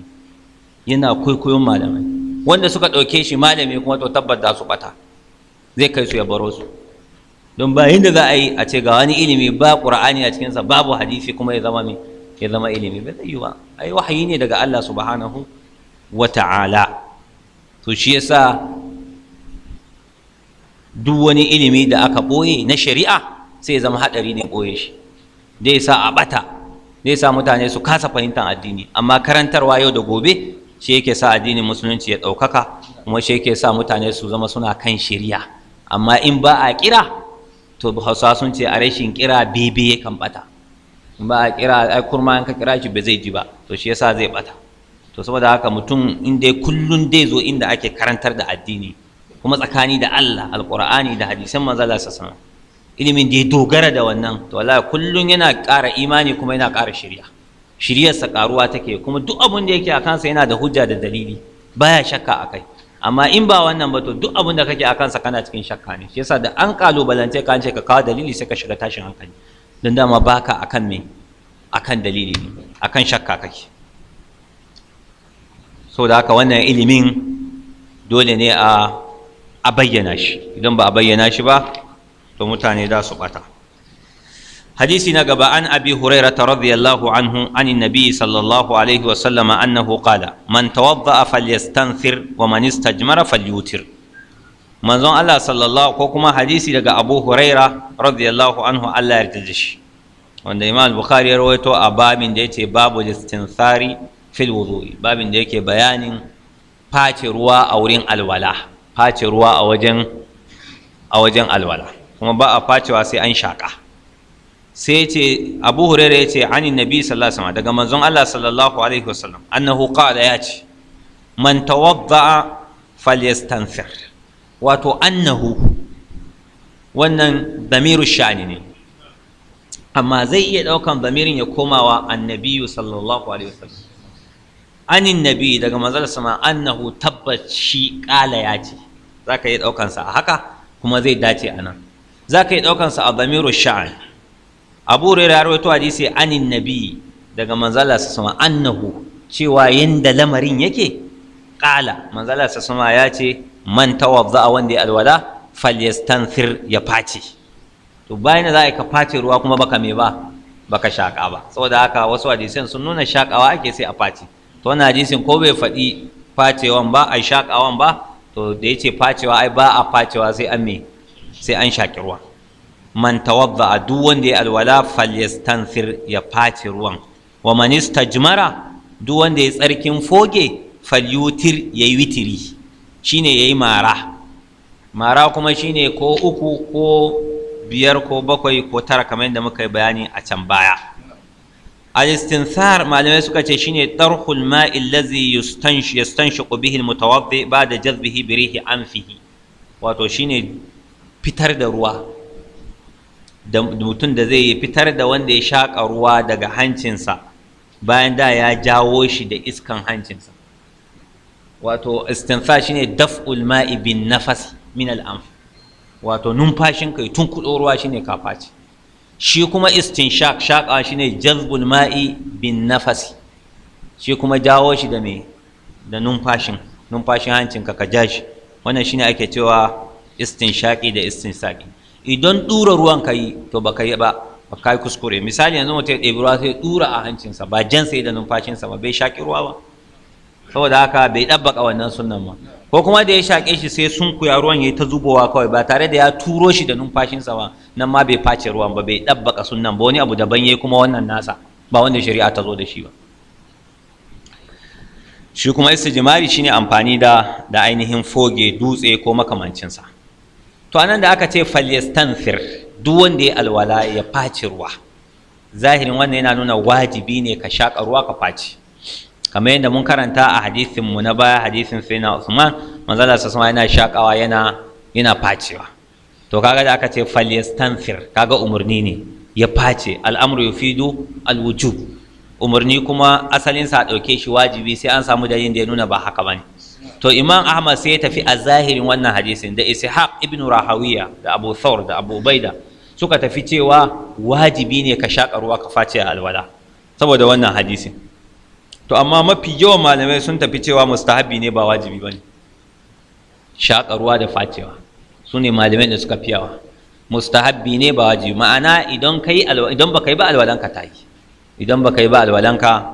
yana kwaikwayon malamai wanda suka ɗauke shi malami kuma to tabbata su ɓata zai kai su ya baro su don ba yadda za a yi a ce ga wani ilimi ba ƙur'ani a cikinsa babu hadisi kuma ya zama ya zama ilimi ba zai yi ba ai wahayi ne daga Allah subhanahu wa ta'ala to shi yasa duk wani ilimi da aka ɓoye na shari'a sai zama haɗari ne ɓoye shi zai sa a ɓata zai sa mutane su kasa fahimtar addini amma karantarwa yau da gobe shi yake sa addinin musulunci ya ɗaukaka kuma shi yake sa mutane su zama suna kan shari'a amma in ba a kira to hausa sun ce a rashin kira bebe kan ɓata in ba a kira ai kurma in ka kira shi ba zai ji ba to shi yasa zai ɓata to saboda haka mutum in kullum dai zo inda ake karantar da addini kuma tsakani da Allah alƙur'ani, da hadisan manzo Allah sallallahu ilimin da ya dogara da wannan to wallahi kullun yana ƙara imani kuma yana ƙara shari'a sa ƙaruwa take kuma duk abin da yake a kansa yana da hujja da dalili baya shakka akai amma in ba wannan ba to duk abin da kake a kansa kana cikin shakka ne shi yasa da an kalubalance ka an ce ka kawo dalili sai ka shiga tashin hankali don dama baka akan me akan dalili ne akan shakka kake saboda haka wannan ilimin dole ne a a bayyana shi idan ba a bayyana shi ba to mutane za su bata hadisi na gaba an abi hurairata radiyallahu anhu an nabi sallallahu alaihi wa sallama annahu qala man tawadda'a falyastanthir wa man istajmara falyutir manzon Allah sallallahu ko kuma hadisi daga Abu Huraira radiyallahu anhu Allah ya da shi wanda Imam Bukhari ya rawaito a babin da yace babu istinthari fil wudu'i babin da yake bayanin face ruwa a wurin alwala face ruwa a wajen a alwala kuma ba a facewa sai an shaƙa sai ce abu huraira ya ce ani nabi sallallahu alaihi wasallam daga manzon Allah sallallahu alaihi wasallam annahu qala ya ce man tawadda'a falyastanfir wato annahu wannan damiru shani ne amma zai iya ɗaukan damirin ya komawa annabiyu sallallahu alaihi wasallam anin nabi daga manzon sama annahu tabbaci kala ya ce zaka yi daukan a haka kuma zai dace anan zaka yi daukan sa a zamiru sha'an abu hurairah rawaito hadisi anin nabi daga manzon sama annahu cewa yanda lamarin yake ƙala manzon sama ya ce man a wanda ya alwala falyastanthir ya face to bayan za a ka face ruwa kuma baka me ba baka shaƙa ba saboda haka wasu hadisan sun nuna shakawa ake sai a face to wannan hadisin ko bai faɗi facewan ba a shaƙawan ba to da ya ce facewa ai ba a facewa sai an me sai an shaƙi ruwa man tawadda a duk wanda ya alwala falyastanfir ya face ruwan wa manista Jimara duk wanda ya tsarkin foge falyutir ya yi witiri shine ya yi mara mara kuma shine ko uku ko biyar ko bakwai ko tara kamar yadda muka yi bayani a can baya al-istinthar malamai suka ce shine tarhul ma'i allazi yustansh yastanshiqu bihi al-mutawaddi ba'da jazbihi bi rihi anfihi wato shine fitar da ruwa da mutum da zai fitar da wanda ya shaƙa ruwa daga hancinsa bayan da ya jawo shi da iskan hancinsa wato istinfa shine daf'ul ma'i bin nafas min al-anf wato numfashin kai tun kudo ruwa shine kafaci shi kuma istinshaq shi shine jazbul ma'i bin nafasi shi kuma jawo shi da me da numfashin numfashin hancin ka ka jashi wannan shine ake cewa istinshaqi da istinsaqi idan ɗura ruwan ka yi to baka yi ba baka yi kuskure misali yanzu mutum ya ɗebi ruwa sai ɗura a hancinsa ba jan sai da numfashinsa ba bai shaƙi ruwa ba saboda haka bai ɗabbaka wannan sunan ba ko kuma da ya shaƙe shi sai sun kuya ruwan ya yi ta zubowa kawai ba tare da ya turo shi da numfashinsa ba nan ma bai face ruwan ba bai ɗabbaka sunan ba wani abu daban ya kuma wannan nasa ba wanda shari'a ta zo da shi ba shi kuma shi ne amfani da da ainihin foge dutse ko makamancinsa to anan da aka ce falyastanfir duk wanda ya alwala ya face ruwa zahirin wannan yana nuna wajibi ne ka shaƙa ruwa ka face kamar yadda mun karanta a hadisin mu na baya hadisin sayyidina Usman manzo Allah sallallahu yana shakawa yana yana facewa to kaga da aka ce falyastanfir kaga umarni ne ya face al'amru yufidu Umarni kuma asalin sa dauke shi wajibi sai an samu dalilin da ya nuna ba haka bane to imam ahmad sai ya tafi a zahirin wannan hadisin da ishaq ibn rahawiya da abu thawr da abu ubaida suka tafi cewa wajibi ne ka shaka ruwa ka face a alwala saboda wannan hadisin to amma mafi yawan malamai sun tafi cewa mustahabi ne ba wajibi ba ne shaƙa ruwa da facewa su ne malamai da suka fiyawa mustahabbi ne ba wajibi ma'ana idan kai idan baka yi ba alwalanka ta yi idan baka yi ba alwalanka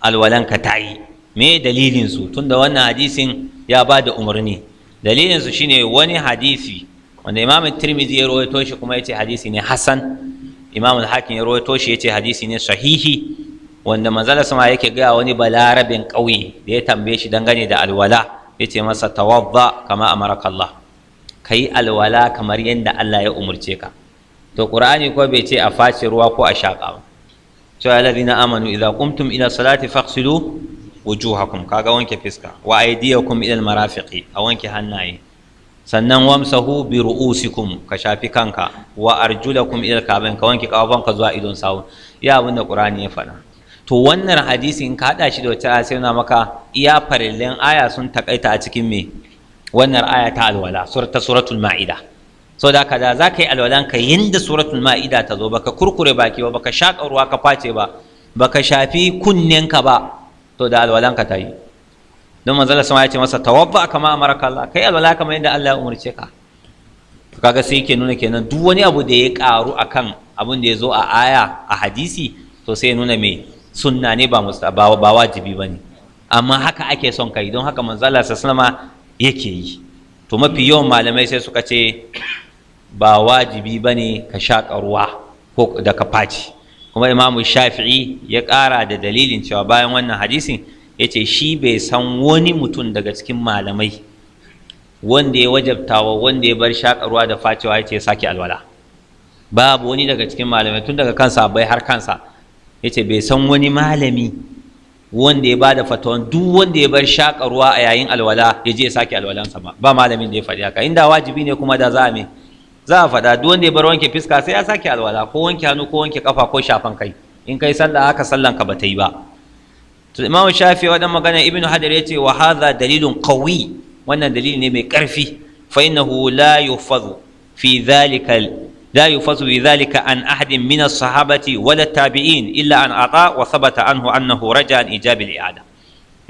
alwalanka ta yi me dalilin su tunda wannan hadisin ya ba da umarni dalilin su shine wani hadisi wanda imam tirmidhi ya rawaito shi kuma yace hadisi ne hasan imam al-hakim ya rawaito shi yace hadisi ne sahihi wanda manzala sama yake gaya wani balarabin ƙauye da ya tambaye shi dangane da alwala ya ce masa tawadda kama amaraka Allah ka yi alwala kamar yadda Allah ya umurce ka to qur'ani ko bai ce a face ruwa ko a shaƙa ba to alladhina amanu idza qumtum ila salati faghsilu wujuhakum kaga wanke fiska wa aydiyakum ila marafiki. a wanke hannaye sannan wamsahu bi ru'usikum ka shafi kanka wa arjulakum ila alka'bayn ka wanke kafafanka zuwa idon sawu ya abinda qur'ani ya faɗa to wannan hadisi in ka haɗa shi da wata aya sai na maka iya farillan aya sun takaita a cikin me wannan aya ta alwala ta suratul ma'ida so da ka da za ka yi alwalan ka yinda suratul ma'ida ta zo baka kurkure baki ba baka shaƙa ruwa ka face ba baka shafi kunnen ka ba to da alwalan ka ta yi don manzala sama ya ce masa tawabba kama amaraka Allah kai alwala kamar yadda Allah ya umarce ka kaga sai yake nuna kenan duk wani abu da ya karu akan abin da ya zo a aya a hadisi to sai nuna me sunna ne ba ba wajibi bane, amma haka ake son kai don haka manzala sassanama yake yi to mafi yawan malamai sai suka ce ba wajibi bane ka shaƙa ruwa ko da ka faci kuma imamu shafi'i ya ƙara da dalilin cewa bayan wannan hadisin ya ce shi bai san wani mutum daga cikin malamai wanda ya wajabtawa wanda ya bar ruwa da facewa ya ce sake alwala babu wani daga cikin malamai tun daga kansa bai har kansa yace bai san wani malami wanda ya bada fatawan duk wanda ya bar shaka ruwa a yayin alwala ya je ya sake alwalansa ba ba malamin da ya faɗi haka inda wajibi ne kuma da za a za a faɗa duk wanda ya bar wanke fiska sai ya sake alwala ko wanke hannu ko wanke kafa ko shafan kai in kai sallah haka sallan ka bata yi ba to imam shafi wadan magana ibnu hadar yace wa hadha dalilun qawi wannan dalili ne mai karfi fa innahu la fi لا يفز بذلك عن ahadin mina الصحابة ولا illa إلا عن عطاء وثبت عنه أنه رجع عن إجاب الإعادة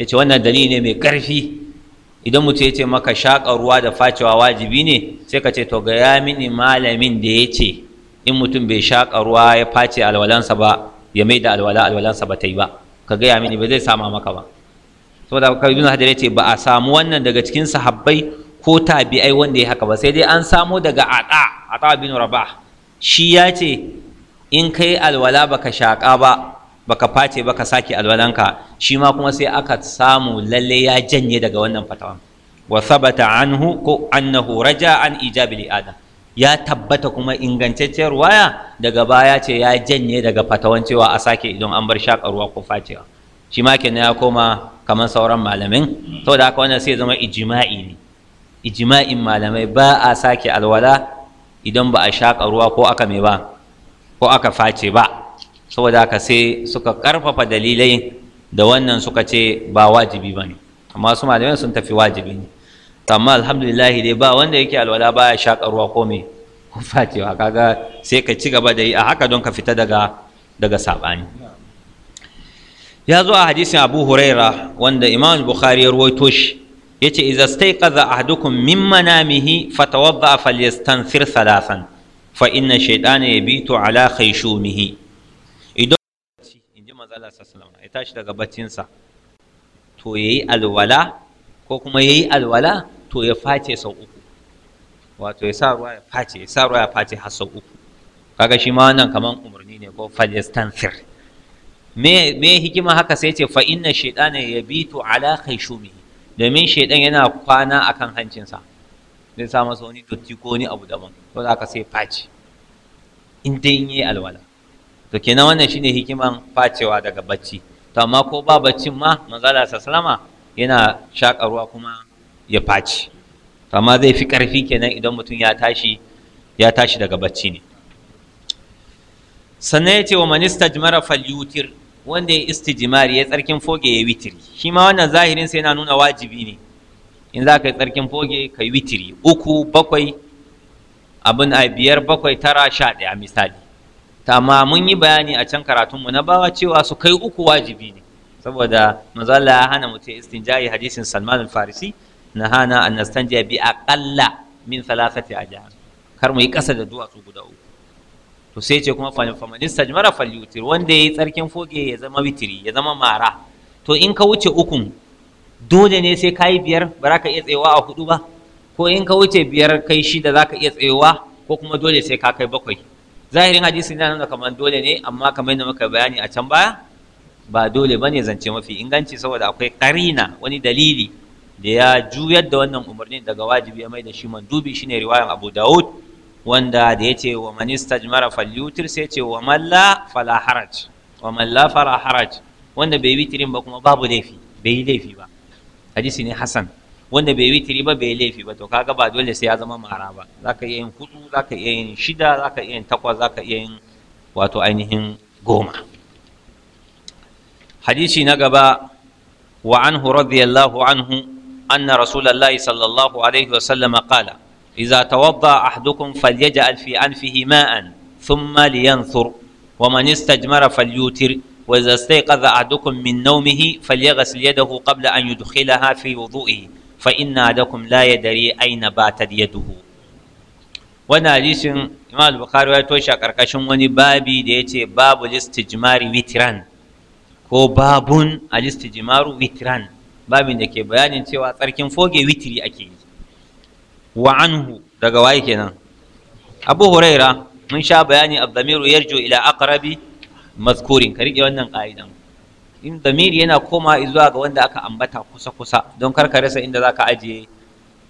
yace wannan dalili ne mai ƙarfi idan mutum ya ce maka shaƙa ruwa da facewa wajibi ne sai ka ce to ga ya malamin da ya ce in mutum bai shaƙa ruwa ya face alwalansa ba ya mai da alwala alwalansa ba ta yi ba ka gaya mini ba zai sama maka ba saboda ka ibn hajar ya ce ba a samu wannan daga cikin sahabbai ko tabi'ai wanda ya haka ba sai dai an samo daga aɗa ata bin rabah shi ya ce in kai alwala baka shaƙa ba baka face baka sake alwalanka shi ma kuma sai aka samu lalle ya janye daga wannan fatawan wa sabata anhu ko annahu raja an ijabi li adam ya tabbata kuma ingantacciyar waya daga baya ce ya janye daga fatawan cewa a sake idan an bar ruwa ko facewa shi ma kenan ya koma kamar sauran malamin saboda haka wannan sai zama ijma'i ne ijma'in malamai ba a sake alwala idan ba a shaƙa ruwa ko aka mai ba ko aka face ba saboda haka sai suka ƙarfafa dalilai da wannan suka ce ba wajibi ba ne amma su malamai sun tafi wajibi ne amma alhamdulillah dai ba wanda yake alwala ya shaƙa ruwa ko me ko facewa kaga sai ka ci gaba da yi a haka don ka fita daga daga saɓani ya zo a hadisin abu huraira wanda imam bukhari ya ruwaito shi yace idza stayqadha ahadukum min manamihi fatawadda falyastanthir thalathan fa inna shaytana yabitu ala khayshumihi idan inji manzo Allah sallallahu alaihi wasallam ya tashi daga baccinsa to yayi alwala ko kuma yayi alwala to ya face sau uku wato ya sa ruwa ya face ya sa ruwa ya face har sau uku kaga shi ma wannan kaman umarni ne ko falyastanthir me me hikima haka sai ce fa inna shaytana yabitu ala khayshumihi domin shaidan yana kwana a kan hancinsa zai sa masa wani dotti ko wani abu daban ko za ka sai faci in dai in yi alwala to kenan wannan shine hikiman facewa daga bacci to amma ko ba baccin ma manzala sallama yana shaƙa ruwa kuma ya faci to amma zai fi ƙarfi kenan idan mutum ya tashi ya tashi daga bacci ne sannan ya ce wa manista mara falyutir wanda ya istijimari ya tsarkin foge ya witiri shi ma wannan zahirin sai yana nuna wajibi ne in za ka yi tsarkin foge ka yi witiri uku bakwai abin a biyar bakwai tara sha ɗaya misali amma mun yi bayani a can karatunmu na bawa cewa su kai uku wajibi ne saboda mazala ya hana mutum istinja'i hadisin salman al-farisi na hana an nastanjiya bi kalla min a jihar kar mu yi ƙasa da duwatsu guda uku to sai ce kuma famanista mara falyutir wanda ya yi tsarkin foge ya zama witiri ya zama mara to in ka wuce ukun dole ne sai ka yi biyar ba za ka iya tsayawa a hudu ba ko in ka wuce biyar kai shida za ka iya tsayawa ko kuma dole sai ka kai bakwai zahirin hadisi na nuna kamar dole ne amma kamar yadda muka bayani a can baya ba dole ba ne zance mafi inganci saboda akwai karina wani dalili da ya juyar da wannan umarnin daga wajibi ya mai da shi mandubi shine riwayan abu dawud wanda da ya ce wa man istajmara falyutir sai ce wa malla fala haraj wa malla fala haraj wanda bai witirin ba kuma babu laifi bai yi laifi ba hadisi ne hasan wanda bai witiri ba bai laifi ba to kaga ba dole sai ya zama mara ba zaka iya yin hudu zaka iya yin shida zaka iya yin takwas zaka iya yin wato ainihin goma hadisi na gaba wa anhu radiyallahu anhu anna rasulullahi sallallahu alaihi wa sallama qala إذا توضى أحدكم فليجعل في أنفه ماء ثم لينثر ومن استجمر فليوتر وإذا استيقظ أحدكم من نومه فليغسل يده قبل أن يدخلها في وضوئه فإن أحدكم لا يدري أين باتت يده وانا ليسن إمام البخاري ويتوشى كركشن واني بابي ديتي باب الاستجمار وطران كو باب الاستجمار وطران باب انك بيان انتوا تركين فوق وطري أكيد wa anhu daga waye kenan abu huraira mun sha bayani abdamiru yarju ila aqrabi mazkurin ka rike wannan ka'idan in damiri yana koma zuwa ga wanda aka ambata kusa kusa don kar ka rasa inda zaka ajiye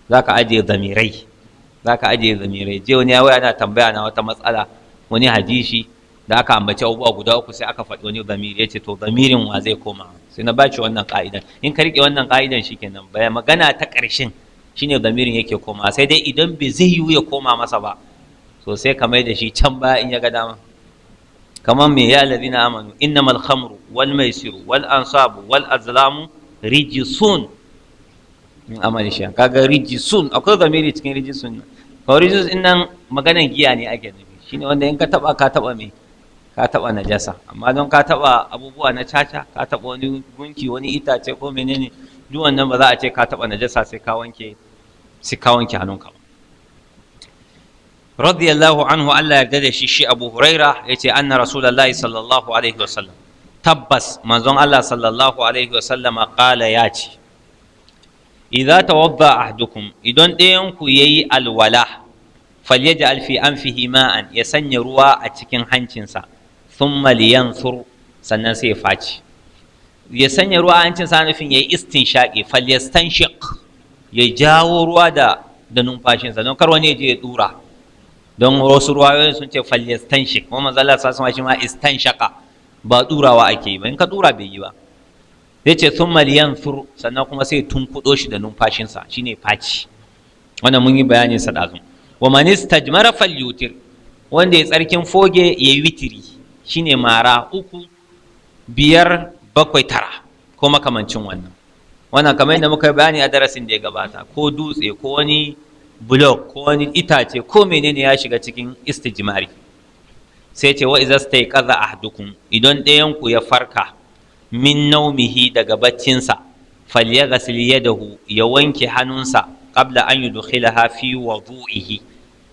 zaka ajiye damirai zaka ajiye damirai je wani yawa yana tambaya na wata matsala wani hadisi da aka ambaci abubuwa guda uku sai aka faɗi wani damiri yace to damirin wa zai koma sai na baci wannan ka'idan in ka rike wannan ka'idan shikenan baya magana ta ƙarshen shine damirin yake koma sai dai idan bai zai yiwu ya koma masa ba so sai ka mai da shi can baya in ya ga dama kamar me ya ladina amanu innamal khamru wal maisiru wal ansabu wal azlamu rijisun In amali shi kaga rijisun akwai zamiri cikin rijisun to rijis nan maganar giya ne ake nufi shine wanda in ka taba ka taba me ka taba najasa amma don ka taba abubuwa na caca ka taba wani gunki wani itace ko menene ne duk wannan ba za a ce ka taɓa najasa sai ka wanke sai ka wanke hannunka ba radiyallahu anhu Allah yarda da shi shi Abu Huraira yace anna rasulullahi sallallahu alaihi wa sallam. tabbas manzon Allah sallallahu alaihi wa sallam qala ya ce idza tawadda ahdukum idan ɗayan ku yayi alwala falyaj'al fi anfihi ma'an ya sanya ruwa a cikin hancinsa thumma liyanthur sannan sai ya faci ya sanya ruwa a hancin sa nufin yayi istinshaqi falyastanshiq ya jawo ruwa da da numfashinsa don kar wani ya je ya dura don wasu ruwa yau sun ce falyastanshik kuma manzo Allah sallallahu alaihi shi ma istanshaka ba durawa ake yi ba in ka dura bai yi ba zai ce maliyan fur sannan kuma sai tunkudo shi da numfashinsa shine faci wannan mun yi bayanin sa dazu wa man istajmara falyutir wanda ya tsarkin foge ya yi witiri shine mara uku biyar bakwai tara ko makamancin wannan wannan kamar yadda muka bayani a darasin da ya gabata ko dutse ko wani blok ko wani itace ko menene ya shiga cikin istijmari sai ce wa iza stay kaza ahdukum idan ɗayan ku ya farka min naumihi daga baccinsa falyaghsil yadahu ya wanke hannunsa qabla an yudkhilaha fi wudu'ihi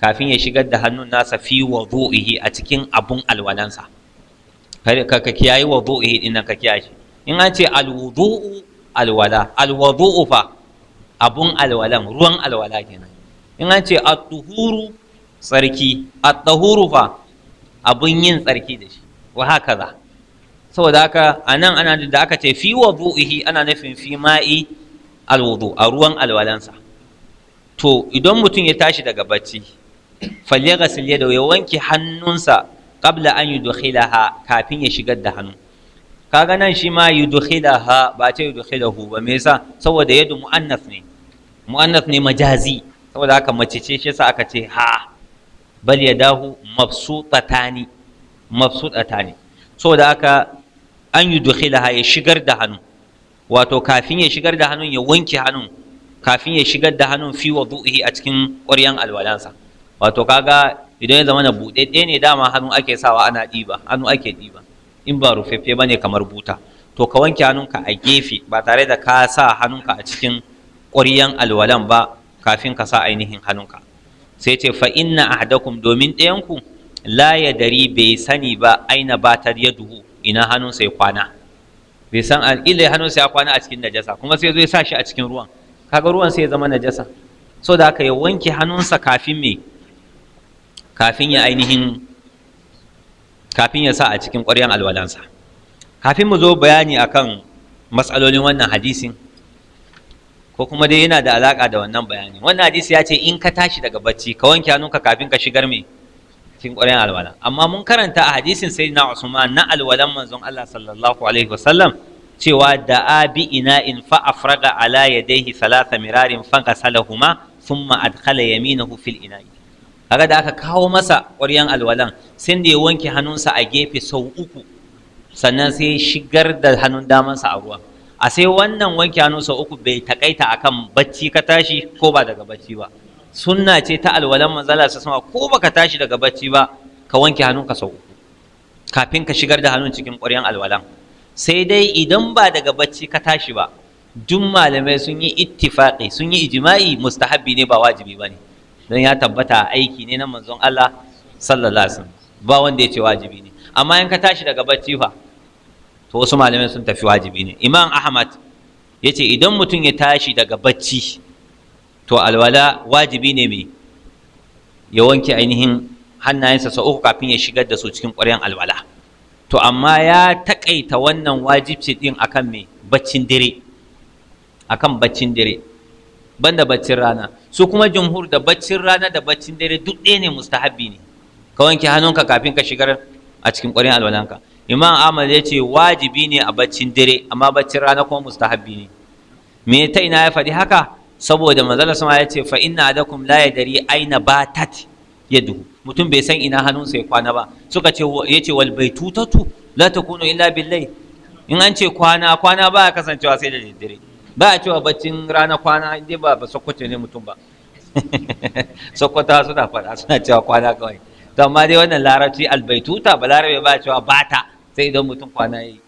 kafin ya shigar da hannun nasa fi a cikin abun alwalansa ka kiyaye kiyayi wudu'i din nan ka kiyaye in an ce alwudu'u alwala alwudu'u fa abun alwalan ruwan alwala kenan in an ce at-tuhuru tsarki at-tahuru fa abun yin tsarki da shi wa hakaza saboda haka anan ana da aka ce fi wudu'ihi ana nufin fi ma'i alwudu a ruwan alwalansa to idan mutum ya tashi daga bacci falle gasil ya wanke hannunsa qabla an yudkhilaha kafin ya shigar da hannu kaga nan shi ma yudkhilaha ba ta yudkhilahu ba me yasa saboda yadu muannas ne muannas ne majazi saboda haka mace ce shi yasa aka ce ha bal yadahu mabsutatani mabsutatani saboda haka an yudkhilaha ya shigar da hannu wato kafin ya shigar da hannun ya wanke hannun kafin ya shigar da hannun fi wudu'i a cikin ƙwaryan alwalansa wato kaga idan ya zama na buɗaɗɗe ne dama hannu ake sawa ana ɗiba hannu ake ɗiba in ba rufaffe ba ne kamar buta to ka wanke hannunka a gefe ba tare da ka sa hannunka a cikin ƙuryan alwalan ba kafin ka sa ainihin hannunka sai ce fa inna ahdakum domin ɗayanku la ya dari bai sani ba aina batar ya duhu ina hannunsa ya kwana bai san hannun hannunsa ya kwana a cikin najasa kuma sai zo ya sa shi a cikin ruwan kaga ruwan sai ya zama najasa so da haka ya wanke hannunsa kafin mai kafin ya ainihin kafin ya sa a cikin ƙwaryan alwalansa kafin mu zo bayani akan matsalolin wannan hadisin ko kuma dai yana da alaƙa da wannan bayani wannan hadisi ya ce in ka tashi daga bacci ka wanke hannunka kafin ka shigar me cikin ƙwaryan alwala amma mun karanta a hadisin sai na usman na alwalan manzon Allah sallallahu alaihi wasallam cewa da abi ina in fa afraga ala yadaihi salasa, mirarin fa ghasalahuma summa adkhala yaminahu fil ina'i kaga da aka kawo masa ƙwaryan alwalan sai da ya wanke hannunsa a gefe sau uku sannan sai shigar da hannun damansa a ruwa a sai wannan wanke hannu sau uku bai takaita akan bacci ka tashi ko ba daga bacci ba sunna ce ta alwalan manzala su sama ko ba ka tashi daga bacci ba ka wanke hannunka sau uku kafin ka shigar da hannun cikin ƙwaryan alwalan sai dai idan ba daga bacci ka tashi ba duk malamai sun yi ittifaƙi sun yi ijima'i mustahabbi ne ba wajibi ba ne don ya tabbata aiki ne na manzon Allah sallallahu ba wanda ya ce wajibi ne amma in ka tashi daga bacci fa to wasu malamai sun tafi wajibi ne imam ahmad ya ce idan mutum ya tashi daga bacci to alwala wajibi ne mai ya wanke ainihin hannayensa sau uku kafin ya shigar da su cikin ƙwaryan alwala to amma ya taƙaita wannan wajibci din akan mai baccin dare. akan baccin dire banda baccin rana su kuma jumhur da baccin rana da baccin dare duk ɗaya ne mustahabbi ne ka wanke hannunka kafin ka shigar a cikin ƙwarin alwalanka imam ahmad ya ce wajibi ne a baccin dare amma baccin rana kuma mustahabbi ne me ta ina ya faɗi haka saboda manzala sama ya ce fa inna adakum la yadri aina batat yadu mutum bai san ina hannunsa ya kwana ba suka ce yace wal baitutatu la takunu illa billahi in an ce kwana kwana ba kasancewa sai da daddare ba a cewa baccin rana kwana inda ba ba sokoto ne mutum ba Sokoto suna faɗa suna cewa kwana kawai to amma dai wannan larabci albaituta ba larabe ba cewa bata sai idan mutum kwana yi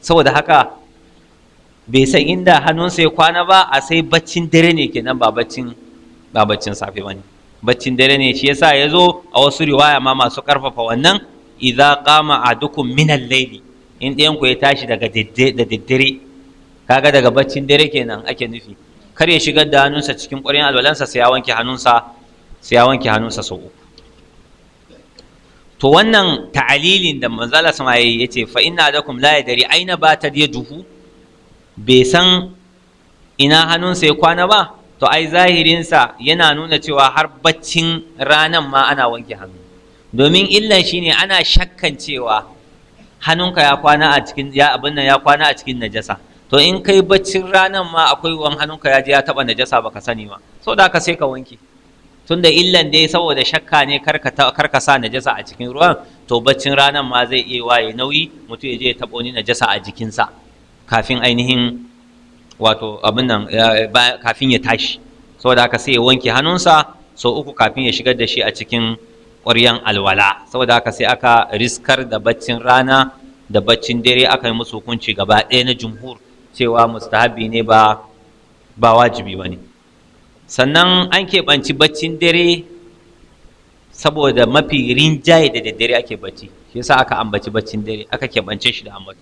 saboda haka bai san inda hannunsa ya kwana ba a sai baccin dare ne kenan ba baccin ba baccin safe ba ne baccin dare ne shi yasa ya zo a wasu riwaya ma masu karfafa wannan idza qama adukum min al-layli in ɗayan ku ya tashi daga daddare kaga daga baccin dare kenan ake nufi kar ya shigar da hannunsa cikin ƙwarin alwalansa sai ya wanke hannunsa sai ya wanke hannunsa sau to wannan ta'alilin da manzala sama yi yace fa inna lakum la yadri aina batad yaduhu bai san ina hannunsa ya kwana ba to ai zahirinsa yana nuna cewa har baccin ranan ma ana wanke hannu domin illan shine ana shakkan cewa hannunka ya kwana a cikin ya abin nan ya kwana a cikin najasa to in kai baccin ranan ma akwai ruwan hannunka ya je ya taba najasa baka sani ba so da ka sai ka wanke tunda illan dai saboda shakka ne kar ka sa najasa a cikin ruwan to baccin ranan ma zai iya waye nauyi mutum ya je ya taɓo ni najasa a jikinsa kafin ainihin wato abin nan kafin ya tashi saboda ka sai ya wanke hannunsa sau uku kafin ya shigar da shi a cikin ƙwaryan alwala saboda ka sai aka riskar da baccin rana da baccin dare aka yi musu hukunci gaba ɗaya na jumhur cewa mustahabi ne ba ba wajibi ba ne sannan an keɓanci baccin dare saboda mafi rinjaye da daddare ake bacci shi yasa aka ambaci baccin dare aka keɓance shi da ambaci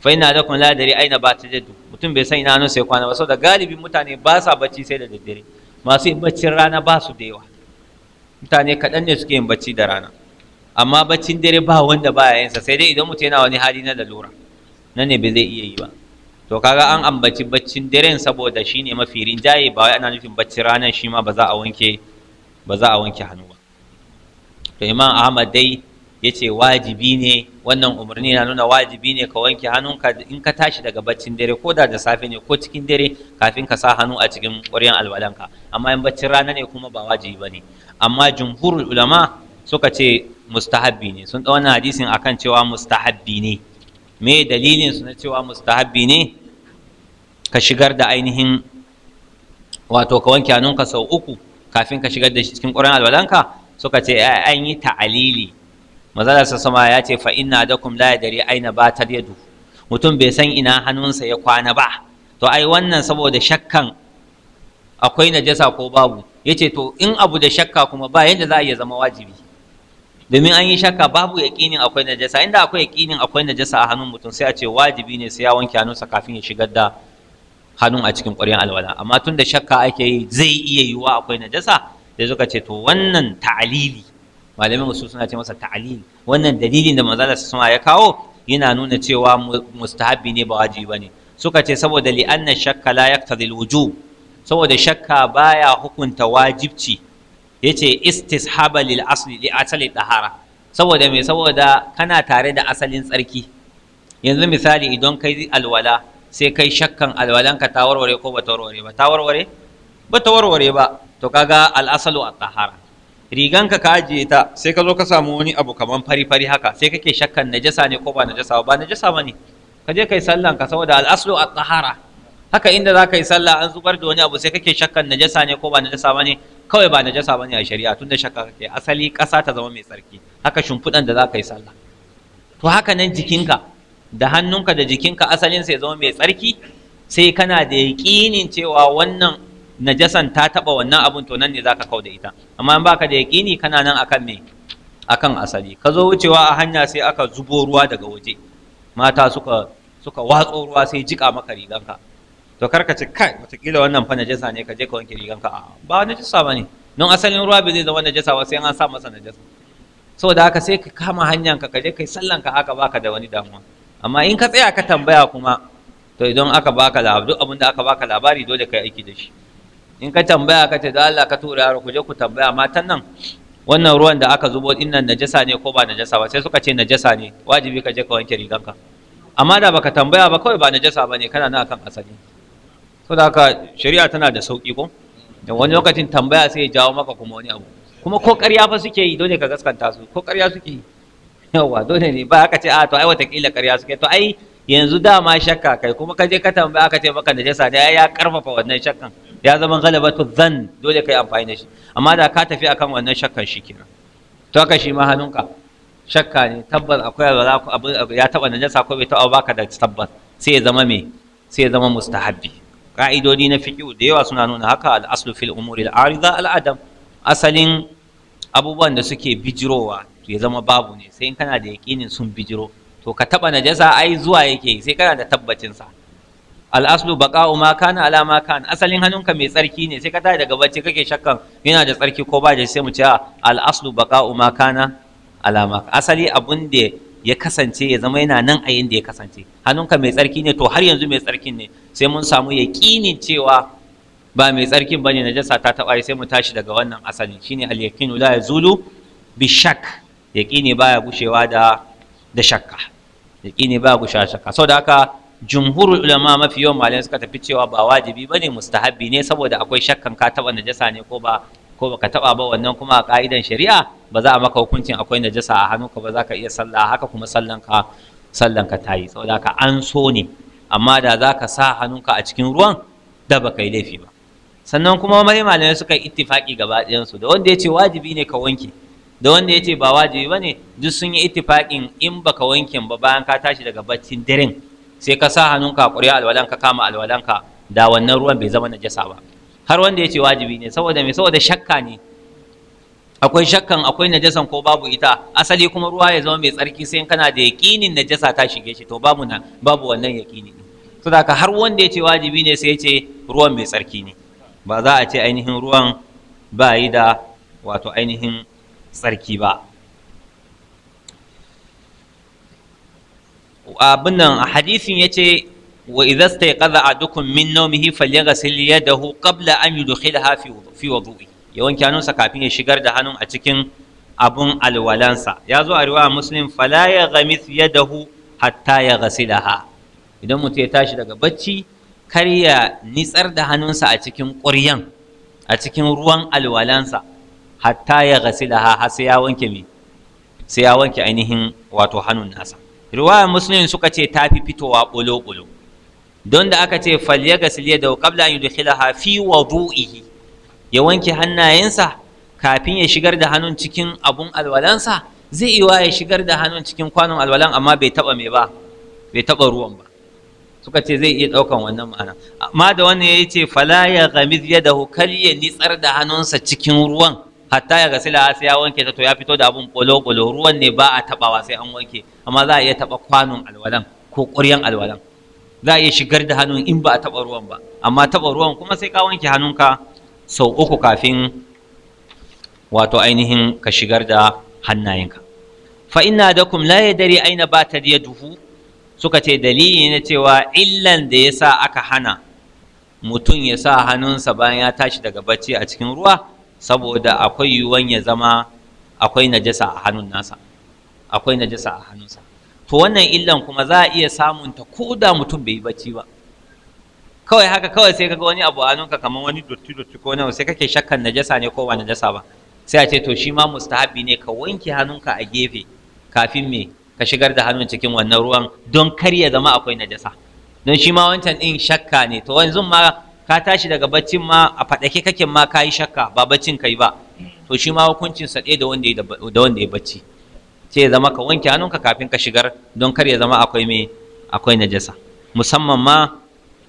fa ina da kun ladari aina ba ta jaddu mutum bai san ina nan sai kwana ba saboda galibin mutane ba sa bacci sai da daddare masu yin baccin rana ba su da yawa mutane kaɗan ne suke yin bacci da rana amma baccin dare ba wanda baya yin sa sai dai idan mutum yana wani hali na lalura nan ne bai zai iya yi ba to kaga an ambaci baccin daren saboda shine mafi rinjaye ba wai ana nufin baccin ranar shi ma ba za a wanke ba za hannu ba to imam ahmad dai yace wajibi ne wannan umarni na nuna wajibi ne ka wanke hannunka in ka tashi daga baccin dare ko da da safe ne ko cikin dare kafin ka sa hannu a cikin ƙwaryan alwalanka amma in baccin rana ne kuma ba wajibi ba ne amma jumhurul ulama suka ce mustahabbi ne sun ɗau wannan hadisin akan cewa mustahabbi ne me dalilin su na cewa mustahabbi ne ka shigar da ainihin wato ka wanke hannunka sau uku kafin ka shigar da shi cikin ƙoran alwalanka suka ce an yi ta'alili mazalar sa sama ya ce fa inna dakum laya dare aina batar yadu mutum bai san ina hannunsa ya kwana ba to ai wannan saboda shakkan akwai najasa ko babu ya ce to in abu da shakka kuma ba yadda za a iya zama wajibi domin an yi shakka babu yaƙinin akwai najasa inda akwai yaƙinin akwai najasa a hannun mutum sai a ce wajibi ne sai ya wanke hannunsa kafin ya shigar da hannun a cikin ƙwaryan alwala amma tun da shakka ake yi zai iya yiwuwa akwai najasa da suka ce to wannan ta'alili malamin wasu suna ce masa ta'alili wannan dalilin da manzala suna ya kawo yana nuna cewa mustahabbi ne ba wajibi bane suka ce saboda li'anna shakka la yaqtadi wujub saboda shakka baya hukunta wajibci Ya ce lil asli li asali dahara saboda me saboda kana tare da asalin tsarki yanzu misali idan kai alwala sai kai shakkan alwalanka ta warware ko ba ta warware ba ta warware ba ta warware ba to kaga al'asalu a tahara riganka ka ajiye ta sai ka zo ka samu wani abu kamar fari fari haka sai kake shakkan najasa ne ko ba najasa ba najasa ba ne ka je kai sallan ka saboda al'asalu a tahara haka inda za ka yi sallah an zubar da wani abu sai kake shakkan najasa ne ko ba najasa ba ne kawai ba najasa ba ne a shari'a tunda shakka kake asali ƙasa ta zama mai tsarki haka shimfiɗan da za ka yi sallah to haka nan jikinka da hannunka da jikinka asalin sai zama mai tsarki sai kana da yaƙinin cewa wannan najasan ta taɓa wannan abun to nan ne za ka kau da ita amma in baka da yaƙini kana nan akan me akan asali ka zo wucewa a hanya sai aka zubo ruwa daga waje mata suka suka watso ruwa sai jiƙa maka rigarka to kar ka ce kai wataƙila wannan fa najasa ne ka je ka wanke riganka a ba najasa ba ne don asalin ruwa bai zai zama najasa ba sai an sa masa najasa saboda haka sai ka kama hanyanka ka je kai sallanka aka baka da wani damuwa amma in ka tsaya ka tambaya kuma to idan aka baka labari duk abin da aka baka labari dole kai aiki da shi in ka tambaya ka ce da Allah ka tura yaro ku je ku tambaya matan nan wannan ruwan da aka zubo din nan najasa ne ko ba najasa ba sai suka ce najasa ne wajibi ka je ka wanke riganka amma da baka tambaya ba kawai ba najasa bane kana na akan asali saboda haka shari'a tana da sauƙi ko wani lokacin tambaya sai ya jawo maka kuma wani abu kuma ko ƙarya fa suke yi dole ka gaskanta su ko ƙarya suke yi yawa dole ne ba aka ce a ah, to ai watakila ƙarya suke to ai yanzu dama shakka kai kuma ka je ka tambaya aka ce maka najasa da ya karfafa wannan shakkan ya zama galabatu zan dole kai amfani da shi amma da ka tafi akan wannan shakkan shi kenan to haka shi ma hannunka shakka ne tabbas akwai ya taba najasa ko bai taba baka da tabbas sai ya zama me sai ya zama mustahabbi Ka'idodi na fiƙi da yawa suna nuna haka al'aslu fil umuri al'arida al'adam asalin abubuwan da suke bijirowa to ya zama babu ne sai in kana da yaƙinin sun bijiro to ka taɓa najasa ai zuwa yake sai kana da tabbacin sa al'aslu baqa'u ma kana ala ma kana asalin hannunka mai tsarki ne sai ka tashi daga bacci kake shakkan yana da tsarki ko ba da sai mu ce al'aslu baqa'u ma kana ala ma asali abun da ya kasance ya zama yana nan a yanda ya kasance hannunka mai tsarki ne to har yanzu mai tsarkin ne sai mun samu yaƙinin cewa ba mai tsarkin bane najasa ta taɓa sai mu tashi daga wannan asali shine al yaqinu la yazulu bi shak yaƙini baya gushewa da da shakka yaƙini baya gushewa shakka saboda haka jumhurin ulama mafi yawan malamai suka tafi cewa ba wajibi bane mustahabbi ne saboda akwai shakkan ka taɓa najasa ne ko ba ko taɓa ba wannan kuma a ka'idan shari'a ba za a maka hukuncin akwai najasa a hannunka ba za ka iya sallah haka kuma sallanka sallanka ta yi saboda ka, an so ne amma da za ka sa hannunka a cikin ruwan da ba ka yi laifi ba sannan kuma mai malamai suka yi ittifaki gaba ɗayansu da wanda ya ce wajibi ne ka wanke da wanda ya ce ba wajibi ba ne duk sun yi ittifakin in ba ka wanke ba bayan ka tashi daga baccin daren sai ka sa hannunka a ƙuri'a alwalanka kama alwalanka da wannan ruwan bai zama najasa ba har wanda ya ce wajibi ne saboda me saboda shakka ne akwai shakkan akwai najasan ko babu ita asali kuma ruwa ya zama mai tsarki sai kana da yaƙinin najasa ta shige shi to babu nan, babu wannan yakini to har wanda ya ce wajibi ne sai ya ce ruwan mai tsarki ne ba za a ce ainihin ruwan ba yi da wato ainihin tsarki ba abin nan a hadisin ya ce wa idza stayqadha ahadukum min nawmihi falyaghsil yadahu qabla an yudkhilaha fi wudu'i ya wanke hannunsa kafin ya shigar da hannun a cikin abun alwalansa ya zo a riwaya muslim fala ya da hu, hatta ya ha. idan mutum ya tashi daga bacci kar ya nitsar da hannunsa a cikin ƙuryan a cikin ruwan alwalansa hatta ya gasilaha har sai ya wanke sai ya wanke ainihin wato hannun nasa riwaya muslim suka ce ta fi fitowa ɓulo-ɓulo don da aka ce fal ya da yadahu qabla an yudkhilaha fi wudu'ihi ya wanke hannayensa kafin ya shigar da hannun cikin abun alwalansa zai iya ya shigar da hannun cikin kwanon alwalan amma bai taba me ba bai taba ruwan ba suka ce zai iya daukan wannan ma'ana amma da wannan ya ce fala ya ghamiz yadahu kal ya nitsar da hannunsa cikin ruwan hatta ya gasila sai ya wanke ta to ya fito da abun kolo kolo ruwan ne ba a tabawa sai an wanke amma za a iya taba kwanon alwalan ko ƙuryan alwalan za a iya shigar da hannun in ba a taba ruwan ba amma taba ruwan kuma sai ka wanke hannunka sau uku kafin wato ainihin ka shigar da hannayenka fa ina da kum laye dare aina ba ta da duhu suka ce dalili na cewa illan da ya sa aka hana mutum ya sa hannunsa bayan ya tashi daga bacci a cikin ruwa saboda akwai yiwuwan ya zama akwai najasa a hannun nasa akwai najasa a hannunsa to wannan illan kuma za a iya samunta ko da mutum bai yi bacci ba kawai haka kawai sai kaga wani abu a hannunka kamar wani dotti dotti ko nawa sai kake shakkan najasa ne ko ba najasa ba sai a ce to shi ma mustahabi ne ka wanke hannunka a gefe kafin me ka shigar da hannun cikin wannan ruwan don kar ya zama akwai najasa don shi ma wancan din shakka ne to yanzu ma ka tashi daga baccin ma a faɗake kake ma ka shakka ba baccin kai ba to shi ma hukuncinsa ɗaya da wanda da wanda ya bacci sai ya zama ka wanke hannunka kafin ka shigar don kar ya zama akwai me akwai najasa musamman ma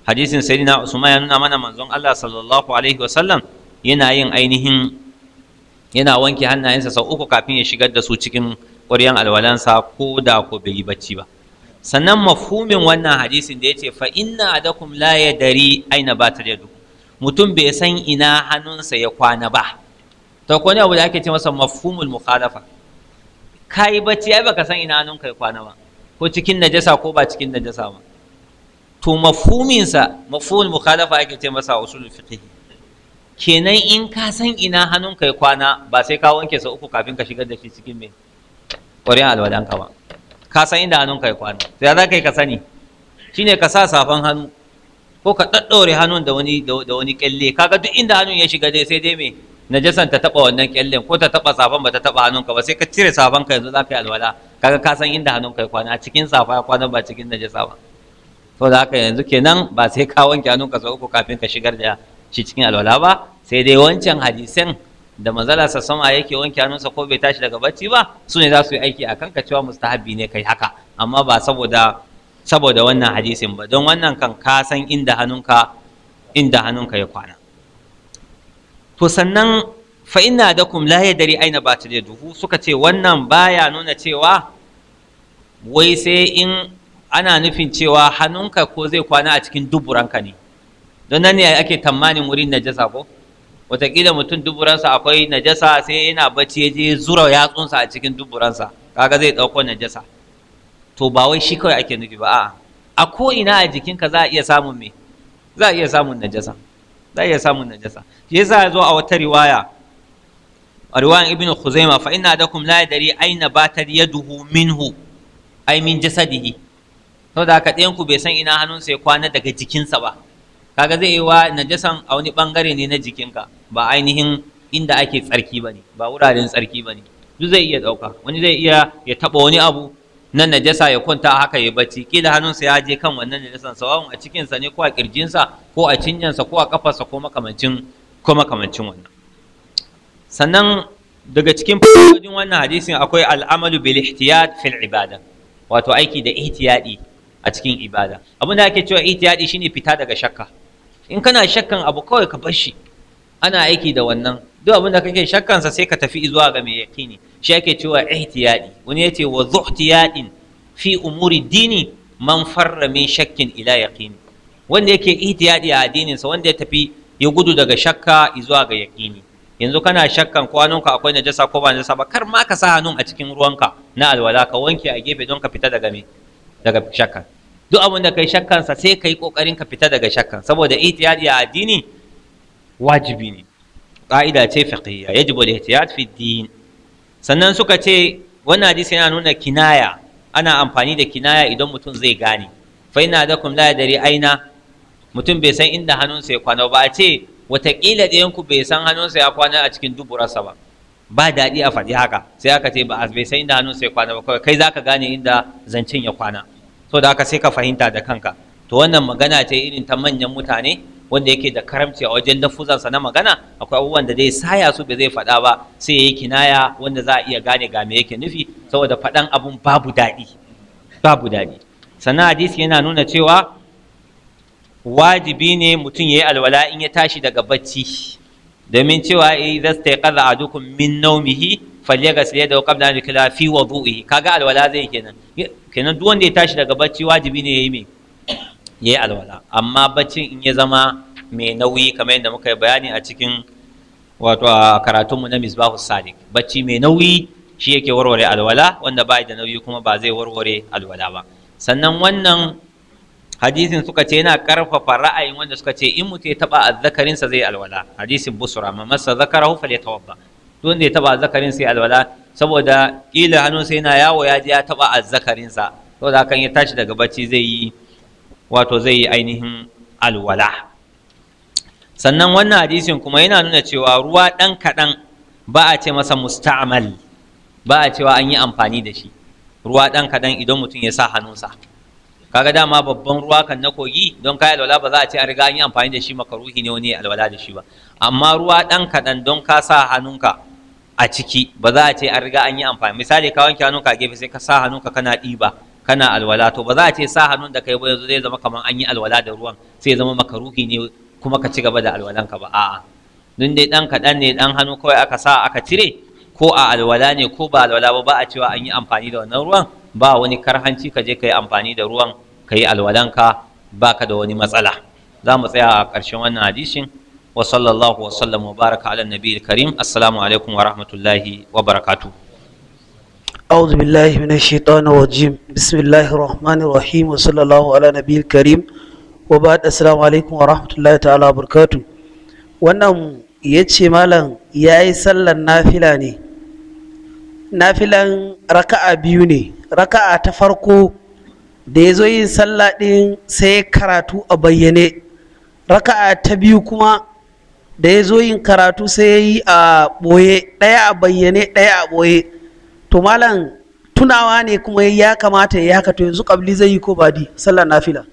hadisin saidina usman ya nuna mana manzon Allah sallallahu alaihi wasallam yana yin ainihin yana wanke hannayensa sau uku kafin ya shigar da su cikin ƙwaryan alwalansa ko da ko bai yi bacci ba sannan mafhumin wannan hadisin da yace fa inna adakum la yadari aina batar yadu mutum bai san ina hannunsa ya kwana ba to ko ne abu da ake ce masa mafhumul mukhalafa kai bacci ai baka san ina hannunka ya kwana ba ko cikin najasa ko ba cikin najasa ba to mafhuminsa mafhumul mukhalafa ake ce masa usulul fiqh kenan in ka san ina hannun kai kwana ba sai ka wanke sa, uku kafin ka shigar da shi cikin me ƙwarin alwalanka ba ka san inda hannun kai kwana sai za ka yi ka sani shine ka sa safan hannu ko ka ɗaɗɗaure hannun da wani da wani kyalle kaga duk inda hannun ya shiga dai sai dai me najasan ta taɓa wannan kyallen ko ta taɓa safan ba ta taɓa ka ba sai ka cire safan ka yanzu za ka yi alwala kaga ka san inda hannun kai kwana a cikin safa ya kwana ba cikin najasa ba to da haka yanzu kenan ba sai ka wanke hannunka sau uku kafin ka shigar da shi cikin alwala ba sai dai wancan hadisan da manzala sa sama yake wanke hannunsa ko bai tashi daga bacci ba su ne za su yi aiki a kanka cewa mustahabbi ne kai haka amma ba saboda saboda wannan hadisin ba don wannan kan ka san inda hannunka inda hannunka ya kwana to sannan fa inna dakum la yadri aina ba duhu suka ce wannan baya nuna cewa wai sai in ana nufin cewa hannunka ko zai kwana a cikin duburanka ne don nan ne ake tammanin wurin najasa ko wataƙila mutum duburansa akwai najasa sai yana bacci ya je zura yatsunsa a cikin duburansa kaga zai ɗauko najasa to ba wai shi kawai ake nufi ba a'a a ko ina a jikinka za a iya samun me za a iya samun najasa za a iya samun najasa shi yasa zo a wata riwaya a riwayan ibnu khuzaima fa inna dakum la yadri aina batar yaduhu minhu ay min jasadihi saboda haka ɗayan ku bai san ina hannunsa ya kwana daga jikinsa ba kaga zai yi wa najasan a wani bangare ne na jikinka ba ainihin inda ake tsarki ba ne ba wuraren tsarki ba ne duk zai iya ɗauka wani zai iya ya taɓa wani abu na najasa ya kwanta haka ya bacci kila hannunsa ya je kan wannan najasan sawawun a cikinsa ne ko a ƙirjinsa ko a cinyansa ko a ƙafarsa ko makamancin ko makamancin wannan sannan daga cikin fa'idojin wannan hadisin akwai al'amalu bil ihtiyat fil ibada wato aiki da ihtiyadi a cikin ibada abin da ake cewa ihtiyadi shine fita daga shakka in kana shakkan abu kawai ka bar shi ana aiki da wannan duk abin da kake shakkan sa sai ka tafi zuwa ga mai yaqini shi ake cewa ihtiyadi wani yace wa zuhtiyadin fi umuri dini man farra min shakkin ila yaqini wanda yake ihtiyadi a addinin sa wanda ya tafi ya gudu daga shakka zuwa ga yaqini yanzu kana shakkan ko hannunka akwai najasa ko ba najasa ba kar ma ka sa hannun a cikin ruwanka na alwala ka wanke a gefe don ka fita daga mai daga shakkan duk abin da kai shakkansa sai kai kokarin ka fita daga shakkan saboda ihtiyadi a addini wajibi ne ƙa'ida ce fiqhiyya yajibu al-ihtiyad fi din sannan suka ce wannan hadisi yana nuna kinaya ana amfani da kinaya idan mutum zai gane fa ina da kum la yadri aina mutum bai san inda hannunsa ya kwana ba a ce wataƙila da ku bai san hannunsa ya kwana a cikin duburarsa ba ba daɗi a faɗi haka sai aka ce ba a bai san inda hannun sai kwana ba kai za ka gane inda zancen ya kwana so da haka sai ka fahimta da kanka to wannan magana ce irin ta manyan mutane wanda yake da karamci a wajen lafuzansa na magana akwai abubuwan da zai saya su ba zai faɗa ba sai ya yi kinaya wanda za a iya gane ga me yake nufi saboda faɗan abun babu daɗi babu daɗi sannan hadisi yana nuna cewa wajibi ne mutum ya yi alwala in ya tashi daga bacci domin cewa idza eh, a dukkan min nawmihi da wa qabla da kila fi wa Ka kaga alwala zai kenan kenan duk wanda ya tashi daga bacci wajibi ne yayi Ya yi alwala amma baccin in ya zama mai nauyi kamar yadda muka yi bayani a cikin wato a karatunmu na misbahu sadiq bacci mai nauyi shi yake warware alwala wanda ba da nauyi kuma ba zai warware alwala ba sannan wannan hadisin suka ce yana karfafa ra'ayin wanda suka ce in mutum ya taba azzakarin sa zai alwala hadisin busra man massa zakarahu falyatawadda duk wanda ya taba azzakarin sa alwala saboda kila hannun sa yana yawo ya ji ya taba azzakarin sa saboda kan ya tashi daga bacci zai yi wato zai yi ainihin alwala sannan wannan hadisin kuma yana nuna cewa ruwa dan kadan ba a ce masa musta'mal ba a cewa an yi amfani da shi ruwa dan kadan idan mutum ya sa hannunsa kaga dama babban ruwa kan na kogi don kai alwala ba za a ce an riga an yi amfani da shi makaruhi ne wani alwala da shi ba amma ruwa dan kadan don ka sa hannunka a ciki ba za a ce an riga an yi amfani misali ka wanke hannunka a gefe sai ka sa hannunka kana ɗiba kana alwala to ba za a ce sa hannun da kai ba yanzu zai zama kamar an yi alwala da ruwan sai zama makaruhi ne kuma ka ci gaba da alwalanka ba a'a dun dai dan kadan ne dan hannu kawai aka sa aka cire ko a alwala ne ko ba alwala ba ba a cewa an yi amfani da wannan ruwan ba wani karhanci ka je ka yi amfani da ruwan ka yi alwalanka ba ka da wani matsala za mu tsaya a ƙarshen wannan hadishin wa sallallahu wa sallam wa baraka ala nabi karim assalamu alaikum wa rahmatullahi wa barakatu. أعوذ بالله من الشيطان الرجيم بسم الله الرحمن الرحيم وصلى الله على نبي الكريم وبعد السلام عليكم ورحمة الله تعالى وبركاته wannan ya ce malam ya yi sallar nafila ne nafilan raka'a biyu ne raka'a ta farko da ya zo yin sallah ɗin sai karatu a bayyane raka'a ta biyu kuma da ya zo yin karatu sai ya yi a ɓoye ɗaya a bayyane ɗaya a ɓoye to malam tunawa ne kuma ya kamata ya haka to yanzu ƙabli zai yi ko di sallah nafila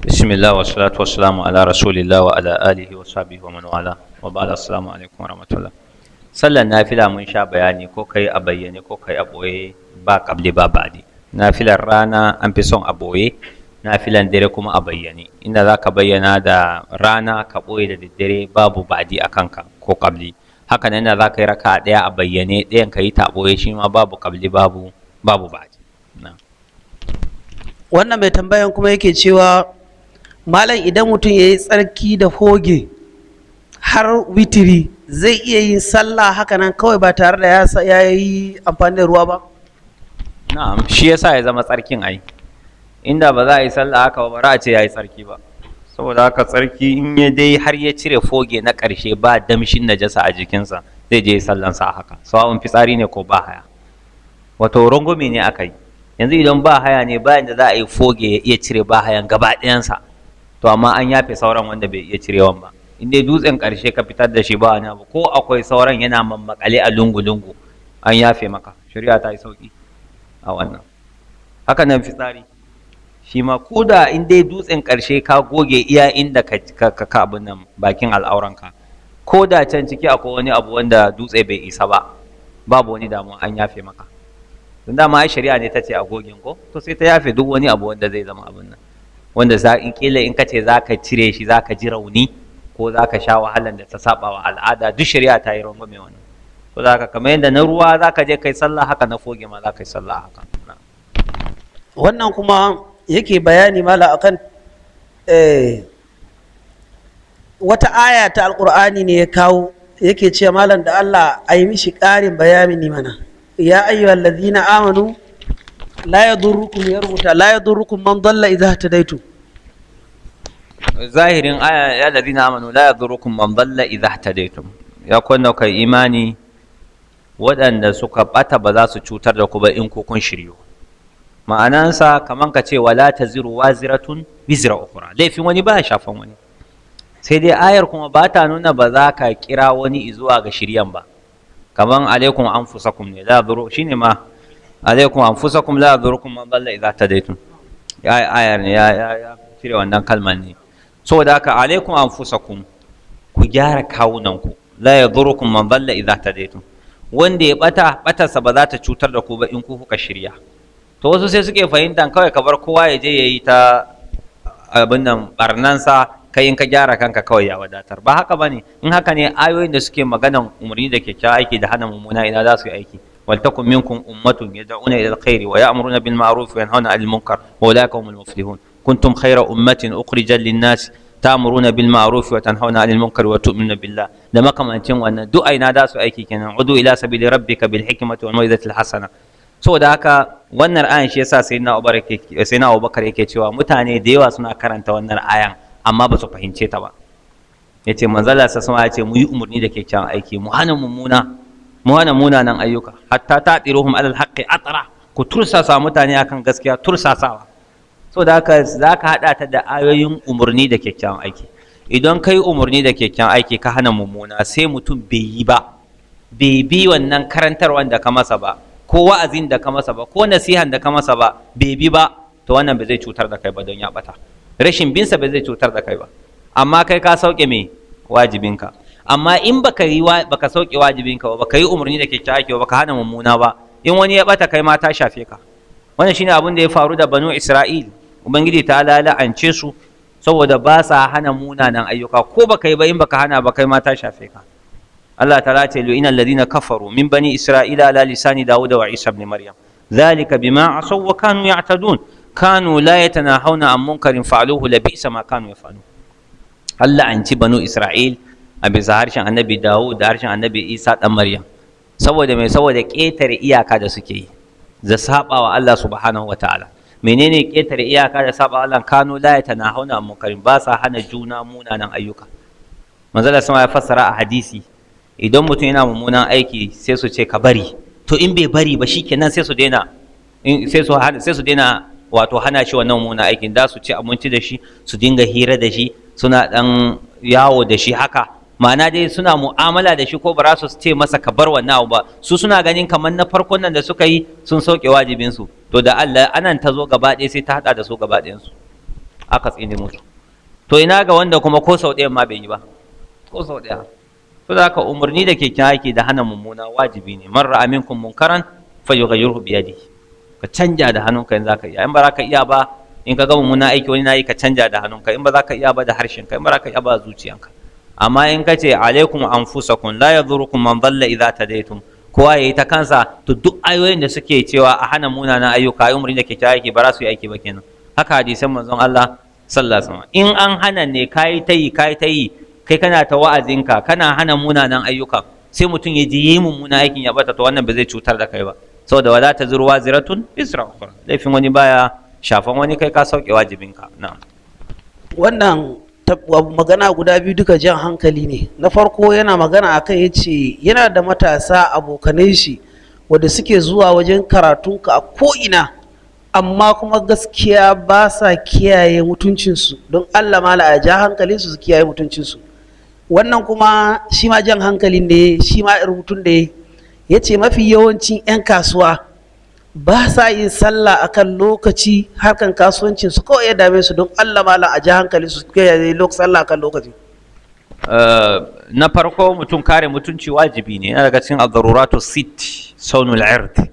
bismillah wa salatu wa salamu ala rasulillah wa ala alihi wa sahbihi wa man wala wa ba'da assalamu alaikum wa rahmatullah sallar nafila mun sha bayani ko kai a bayyane ko kai a ɓoye ba ƙabli ba baɗi nafilar rana an fi son a ɓoye nafilan dare kuma a bayyane inda za ka bayyana da rana ka ɓoye da daddare babu badi a kanka ko ƙabli haka nan za ka yi raka ɗaya a bayyane ɗayan ka yi ta ɓoye shi ma babu ƙabli babu babu wannan mai tambayan kuma yake cewa malam idan mutum ya yi tsarki da hoge har witiri zai iya yin sallah haka nan kawai ba tare da ya yi amfani da ruwa ba na'am shi yasa ya zama tsarkin ai inda ba za a yi sallah haka ba ba za a ce ya yi tsarki ba saboda haka tsarki in ya dai har ya cire foge na ƙarshe ba damshin najasa a jikinsa zai je sallansa sa haka sawa'un fitsari ne ko ba haya wato rungume ne aka yi yanzu idan ba haya ne bayan da za a yi foge ya iya cire ba hayan gaba ɗayansa to amma an yafe sauran wanda bai iya cirewan ba in dai dutsen ƙarshe ka fitar da shi ba wani abu ko akwai sauran yana mammakale a lungu-lungu an yafe maka shari'a ta yi sauƙi a wannan haka nan fitsari shi ma ko da in dai dutsen ƙarshe ka goge iya inda ka ka abin nan bakin al'auranka ko da can ciki akwai wani abu wanda dutse bai isa ba babu wani damuwa an yafe maka don dama ai shari'a ne ta ce a gogin ko to sai ta yafe duk wani abu wanda zai zama abin nan wanda za in kila in ka ce za ka cire shi za ka ji rauni ko za ka sha wahalan da ta saba wa al'ada duk shari'a ta yi rangwame wannan ko za ka kamar yadda na ruwa za ka je kai sallah haka na foge ma za ka yi sallah haka wannan kuma yake bayani mala akan eh, wata aya ta alkur'ani ne ya kawo yake ce malam da Allah a yi mishi ƙarin bayani mana ya ayyuhal ladzina amanu la yadurrukum yarbuta la yadurrukum man dalla idza hadaitu zahirin aya ya na amanu la yadurukum man dalla ta ihtadaytum ya kunna kai imani waɗanda suka bata ba za su cutar da ku ba in ku kun shiryo. ma'anansa kaman ka ce wala taziru waziratun wizra ukhra laifin wani ba shafan wani sai dai ayar kuma ba ta nuna ba za ka kira wani zuwa ga shiryan ba kaman alaikum anfusakum ne la dhuru shine ma alaikum anfusakum la dhurukum man dalla idza ihtadaytum ayar ne ya ya cire wannan kalmar ne saboda haka alaikum anfusakum ku gyara kawunanku la yadhurukum man dhalla idza tadaytum wanda ya bata batarsa ba za ta cutar da ku ba in ku kuka shirya to wasu sai suke fahimta kawai ka bar kowa ya je yayi ta abin nan barnansa kai in ka gyara kanka kawai ya wadatar ba haka bane in haka ne ayoyin da suke maganan umarni da kyakkyawa aiki da hana mummuna ina za su yi aiki waltakum minkum ummatun yad'una ila alkhairi wa ya'muruna bil ma'ruf wa yanhauna 'anil munkar wa ulaika humul muflihun kuntum khaira ummatin ukhrijal linnas ta'muruna bil ma'ruf wa tanhauna 'anil munkar wa tu'minuna billah da makamancin wannan duk aina da su aiki kenan udu ila sabili rabbika bil hikmati wal mau'izati al hasana saboda haka wannan ayan shi yasa sayyidina Abubakar yake sayyidina Abubakar yake cewa mutane da yawa suna karanta wannan aya amma ba su fahimce ta ba yace manzala sa sama yace mu yi umurni da kyakkyawan aiki mu hana mummuna mu ayyuka hatta ta tsiruhum alal haqqi atara ku tursasa mutane akan gaskiya tursasawa so da haka za ka haɗa ta da ayoyin umarni da kyakkyawan aiki idan ka yi umarni da kyakkyawan aiki ka hana mummuna sai mutum bai yi ba bai bi wannan karantarwa da ka masa ba ko wa'azin da ka masa ba ko nasihan da ka masa ba bai bi ba to wannan ba zai cutar da kai ba don ya bata rashin binsa ba zai cutar da kai ba amma kai ka sauke me wajibinka amma in baka yi baka sauke wajibinka ba baka yi umarni da kyakkyawan aiki ba baka hana mummuna ba in wani ya bata kai ma ta shafe ka wannan shine abin da ya faru da banu isra'il ubangiji ta la'ance su saboda ba sa hana munanan ayyuka ko baka yi ba in baka hana ba kai ma ta shafe ka Allah ta ce lu inal ladina kafaru min bani isra'ila ala lisani dawuda wa isa ibn maryam zalika bima asaw wa kanu ya'tadun kanu la yatanahawna an munkarin fa'aluhu la bi'sa ma kanu yaf'alun Allah an ci banu isra'il a bisa harshen annabi dawud da harshen annabi isa dan maryam saboda mai saboda ƙetare iyaka da suke yi da saɓawa Allah subhanahu wa ta'ala menene ƙetare iyaka da saba Allah kanu la hauna an munkarin ba sa hana juna munanan ayyuka manzala sama ya fassara a hadisi idan mutum yana mummunan aiki sai su ce ka bari to in bai bari ba shikenan sai su daina sai su sai su daina wato hana shi wannan mummunan aikin da su ci abinci da shi su dinga hira da shi suna dan yawo da shi haka ma'ana dai suna mu'amala da shi ko ba su ce masa ka bar wannan abu ba su suna ganin kamar na farkon nan da suka yi sun sauke wajibin su to da Allah anan ta zo gaba ɗaya sai ta hada da su gaba ɗayan su aka tsine musu to ina ga wanda kuma ko sau ɗayan ma bai yi ba ko sau ɗaya to da haka umarni da keken aiki da hana mummuna wajibi ne man ra'a minkum munkaran yughayyiruhu bi yadihi ka canja da hannunka in zaka iya in ba ka iya ba in ka ga mummuna aiki wani na yi ka canja da hannunka in ba za ka iya ba da harshenka in ba za ka iya ba zuciyanka amma in ka ce alaikum kun la yadhurukum man dhalla idza tadaytum kowa yayi ta kansa to duk ayoyin da suke cewa a hana munanan ayyuka ayi umarni da ke aiki ba za su yi aiki ba kenan haka hadisan manzon Allah sallallahu alaihi in an hana ne kai ta yi kai ta kai kana ta wa'azinka kana hana munanan ayyuka sai mutum ya ji yi aikin ya bata to wannan ba zai cutar da kai ba saboda wala ta zurwa ziratun isra ukhra laifin wani baya shafan wani kai ka sauke wajibinka na'am wannan magana guda biyu duka jan hankali ne na farko yana magana akan ya ce yana da matasa abokanai shi wadda suke zuwa wajen karatunka a ko'ina amma kuma gaskiya ba sa kiyaye mutuncinsu don allah mala a ja hankalinsu su kiyaye mutuncinsu wannan kuma shi ma jan hankalin ne shi ma mutum da ya ce mafi yawancin 'yan kasuwa ba sa yin sallah akan lokaci harkan kasuwancin su kawai ya dame su don Allah ma a ji hankali su kiyaye sallah akan lokaci eh, na farko mutum kare mutunci wajibi ne yana daga cikin ad to sit saunul ird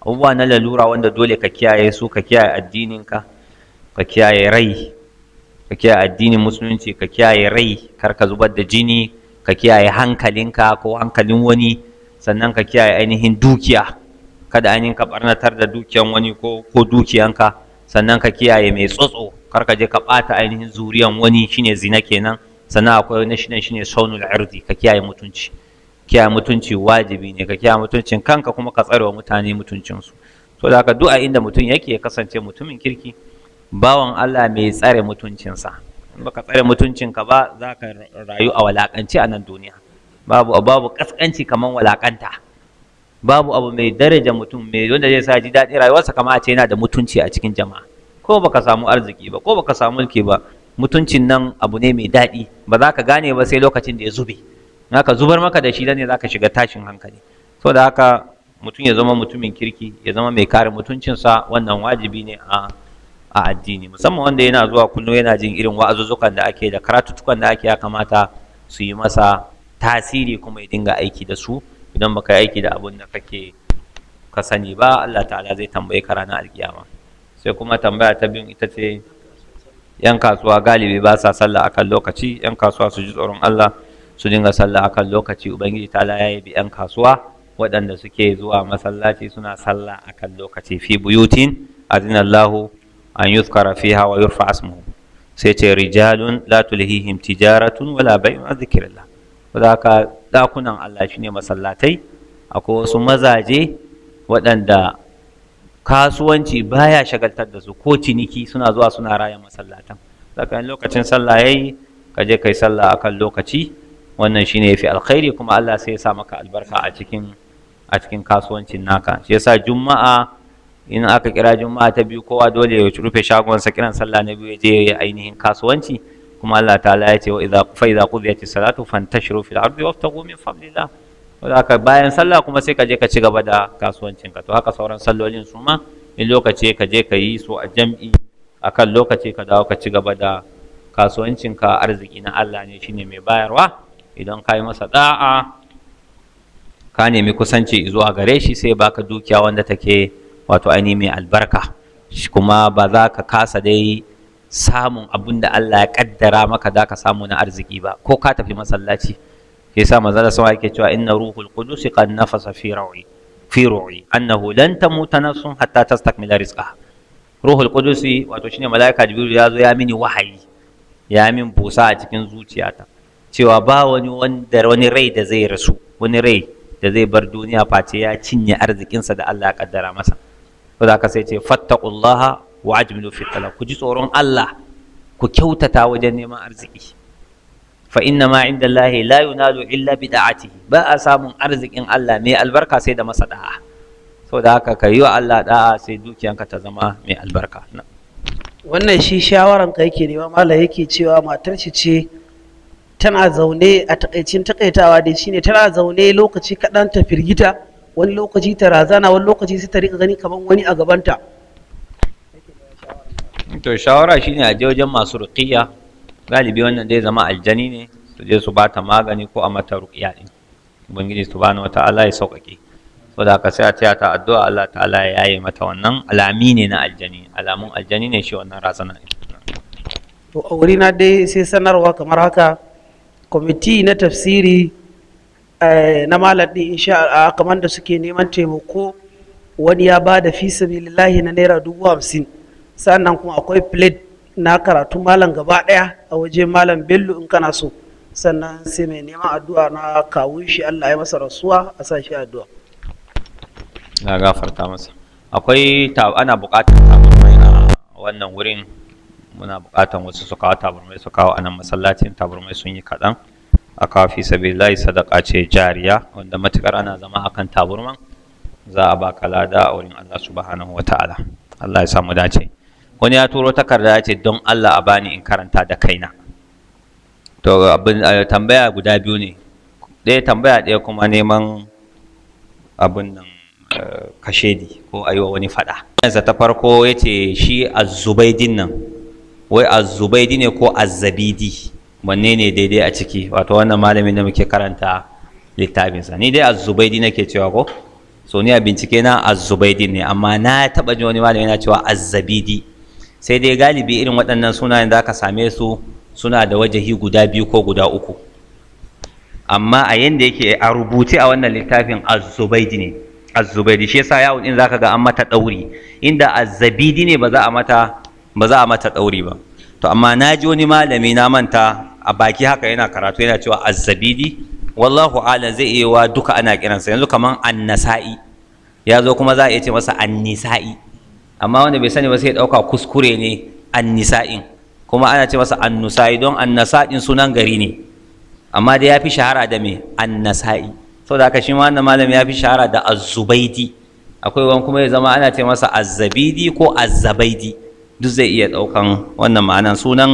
abubuwa na lalura wanda dole ka kiyaye su ka kiyaye addininka ka kiyaye rai ka kiyaye addinin musulunci ka kiyaye rai kar ka zubar da jini ka kiyaye hankalinka ko hankalin wani sannan ka kiyaye ainihin dukiya kada yi ka barnatar da dukiyan wani ko ko dukiyanka sannan ka kiyaye mai tsotso kar ka je ka bata ainihin zuriyan wani shine zina kenan sannan akwai na shine shine saunul ardi ka kiyaye mutunci kiyaye mutunci wajibi ne ka kiyaye mutuncin kanka kuma ka tsarewa mutane mutuncinsu to da haka duk a inda mutum yake ya kasance mutumin kirki bawan Allah mai tsare mutuncinsa in baka tsare mutuncinka ba za ka rayu a walakanci a nan duniya babu babu kaskanci kaman walakanta babu abu mai daraja mutum mai wanda zai sa ji daɗin rayuwarsa kama a ce yana da mutunci a cikin jama'a ko baka samu arziki ba ko baka samu mulki ba mutuncin nan abu ne mai daɗi ba za ka gane ba sai lokacin da ya zube Naka zubar maka da shi da ne za ka shiga tashin hankali so da haka mutum ya zama mutumin kirki ya zama mai kare mutuncinsa wannan wajibi ne a a addini musamman wanda yana zuwa kullum yana jin irin wa'azuzzukan da ake da karatutukan da ake ya kamata su yi masa tasiri kuma ya dinga aiki da su idan baka yi aiki da abun da kake ka sani ba Allah ta'ala zai tambaye ka ranar alkiyama sai kuma tambaya ta biyun ita ce yan kasuwa galibi ba sa sallah akan lokaci yan kasuwa su ji tsoron Allah su dinga sallah akan lokaci ubangiji ta'ala ya yi bi yan kasuwa waɗanda suke zuwa masallaci suna sallah akan lokaci fi buyutin Allah an yuzkara fiha wa yurfa asmuhu sai ce rijalun la tulhihim tijaratun wala bai'un an haka ɗakunan Allah shi ne masallatai akwai wasu mazaje waɗanda kasuwanci baya shagaltar da su ko ciniki suna zuwa suna rayan masallatan yin lokacin sallah yayi ka je kai sallah akan lokaci wannan shine yafi alkhairi kuma Allah sai ya sa maka albarka a cikin a cikin kasuwancin naka shi yasa juma'a in aka kira juma'a ta biyu kowa dole ya rufe shagon sa kiran sallah na biyu ya je ainihin kasuwanci kuma Allah ta ya ce wa idza fa idza qudiyatis salatu fantashiru fil ardi waftaghu min fadlillah aka bayan sallah kuma sai ka je ka ci gaba da kasuwancin ka to haka sauran sallolin su ma in lokaci ka je ka yi su a jam'i akan lokaci ka dawo ka ci gaba da kasuwancin ka arziki na Allah ne shine mai bayarwa idan ka yi masa da'a ka nemi kusanci zuwa gare shi sai baka dukiya wanda take wato ainihin mai albarka kuma ba za ka kasa dai samun abin da Allah ya kaddara maka za ka samu na arziki ba ko ka tafi masallaci ke sa da sama yake cewa inna ruhul qudus qad nafasa fi ru'i fi ru'i annahu lan tamuta nafsun hatta tastakmila rizqaha ruhul qudus wato shine malaika jibril ya zo ya mini wahayi ya min busa a cikin zuciyata cewa ba wani wanda wani rai da zai rasu wani rai da zai bar duniya face ya cinye arzikinsa da Allah ya kaddara masa Ko da ka sai ce fattaqullaha wa ajmilu fi talab ku ji tsoron Allah ku kyautata wajen neman arziki fa inna ma inda Allah la yunalu illa bi da'atihi ba a samun arzikin Allah mai albarka sai da masa da'a saboda haka ka yi wa Allah da'a sai dukiyanka ta zama mai albarka wannan shi shawaran ka yake nema mala yake cewa matar shi ce tana zaune a takaicin takaitawa dai shine tana zaune lokaci kaɗan ta firgita wani lokaci ta razana wani lokaci sai ta riƙa gani kamar wani a gabanta to shawara shine a je wajen masu ruqiyya galibi wannan zai zama aljani ne su je su bata magani ko a mata ruqiyya din ubangiji subhanahu wataala ya sauƙaƙe saboda ka sai a taya ta addu'a Allah ta'ala ya yaye mata wannan alami ne na aljani alamun aljani ne shi wannan razana to a wuri na dai sai sanarwa kamar haka kwamiti na tafsiri eh, na malam din insha kamar da suke neman taimako wani ya ba da fi sabilillahi na naira dubu hamsin sannan kuma akwai plate na karatu malam gaba daya a waje malam bello in kana so sannan sai mai neman addu'a na kawun shi Allah ya masa rasuwa a sa shi addu'a na gafarta masa akwai ana buƙatar tabarmai a wannan wurin muna buƙatar wasu su kawo tabarmai su kawo anan masallacin tabarmai sun yi kaɗan a kawo fi lai sadaka ce jariya wanda matukar ana zama akan taburman za a baka lada a wurin Allah subhanahu wa ta'ala Allah ya samu dace wani ya turo takarda ya ce don Allah a bani in karanta da kaina to abin eh, tambaya guda biyu ne ɗaya tambaya ɗaya kuma neman abin nan eh, kashedi ko a wani faɗa yanzu ta farko ya ce shi azubaidin nan wai azubaidi ne ko azabidi wanne ne daidai a ciki wato wannan malamin da muke karanta littafinsa ni dai azubaidi nake cewa ko so ni a bincike na azubaidi ne amma na taɓa ji wani malami yana cewa azzabidi sai dai galibi irin waɗannan sunayen za ka same su suna da wajahi guda biyu ko guda uku amma a yanda yake a rubuce a wannan littafin az ne az shi yasa in din zaka ga an mata ɗauri. inda az-zabidi ne ba za a mata ba ba to amma na ji wani malami na manta a baki haka yana karatu yana cewa az wallahu ala zai iya wa duka ana kiransa yanzu kamar Annasa'i ya zo kuma za a iya ce masa Annisa'i. amma wanda bai sani ba sai ya ɗauka kuskure ne annisa'in kuma ana ce masa annusa'i don nasa'in sunan gari ne amma dai ya fi shahara da me annasa'i saboda haka shi ma wannan malam ya fi shahara da Azubaidi. akwai wani kuma ya zama ana ce masa azzabidi ko azzabaidi duk zai iya ɗaukan wannan ma'anan sunan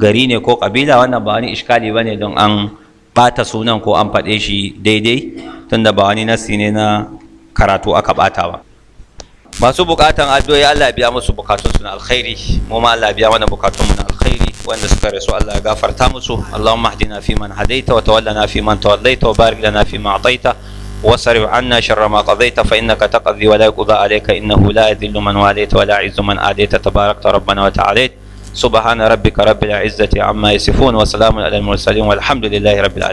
gari ne ko ƙabila wannan ba wani iskali ba ne don an bata sunan ko an faɗe shi daidai tunda ba wani nasi ne na karatu aka ɓata ba masu bukatan addu'o'i Allah ya biya musu bukatun su na alkhairi mu ma Allah ya biya mana bukatun mu na alkhairi wanda suka rasu Allah ya gafarta musu Allahumma hdina fi man hadaita wa tawallana fi man tawallaita wa barik lana fi ma ataita واصرف عنا شر ما قضيت فإنك تقضي ولا يقضى عليك إنه لا يذل من واليت ولا يعز من آديت تباركت ربنا وتعاليت سبحان ربك رب العزة عما يصفون وسلام على المرسلين والحمد لله رب العالمين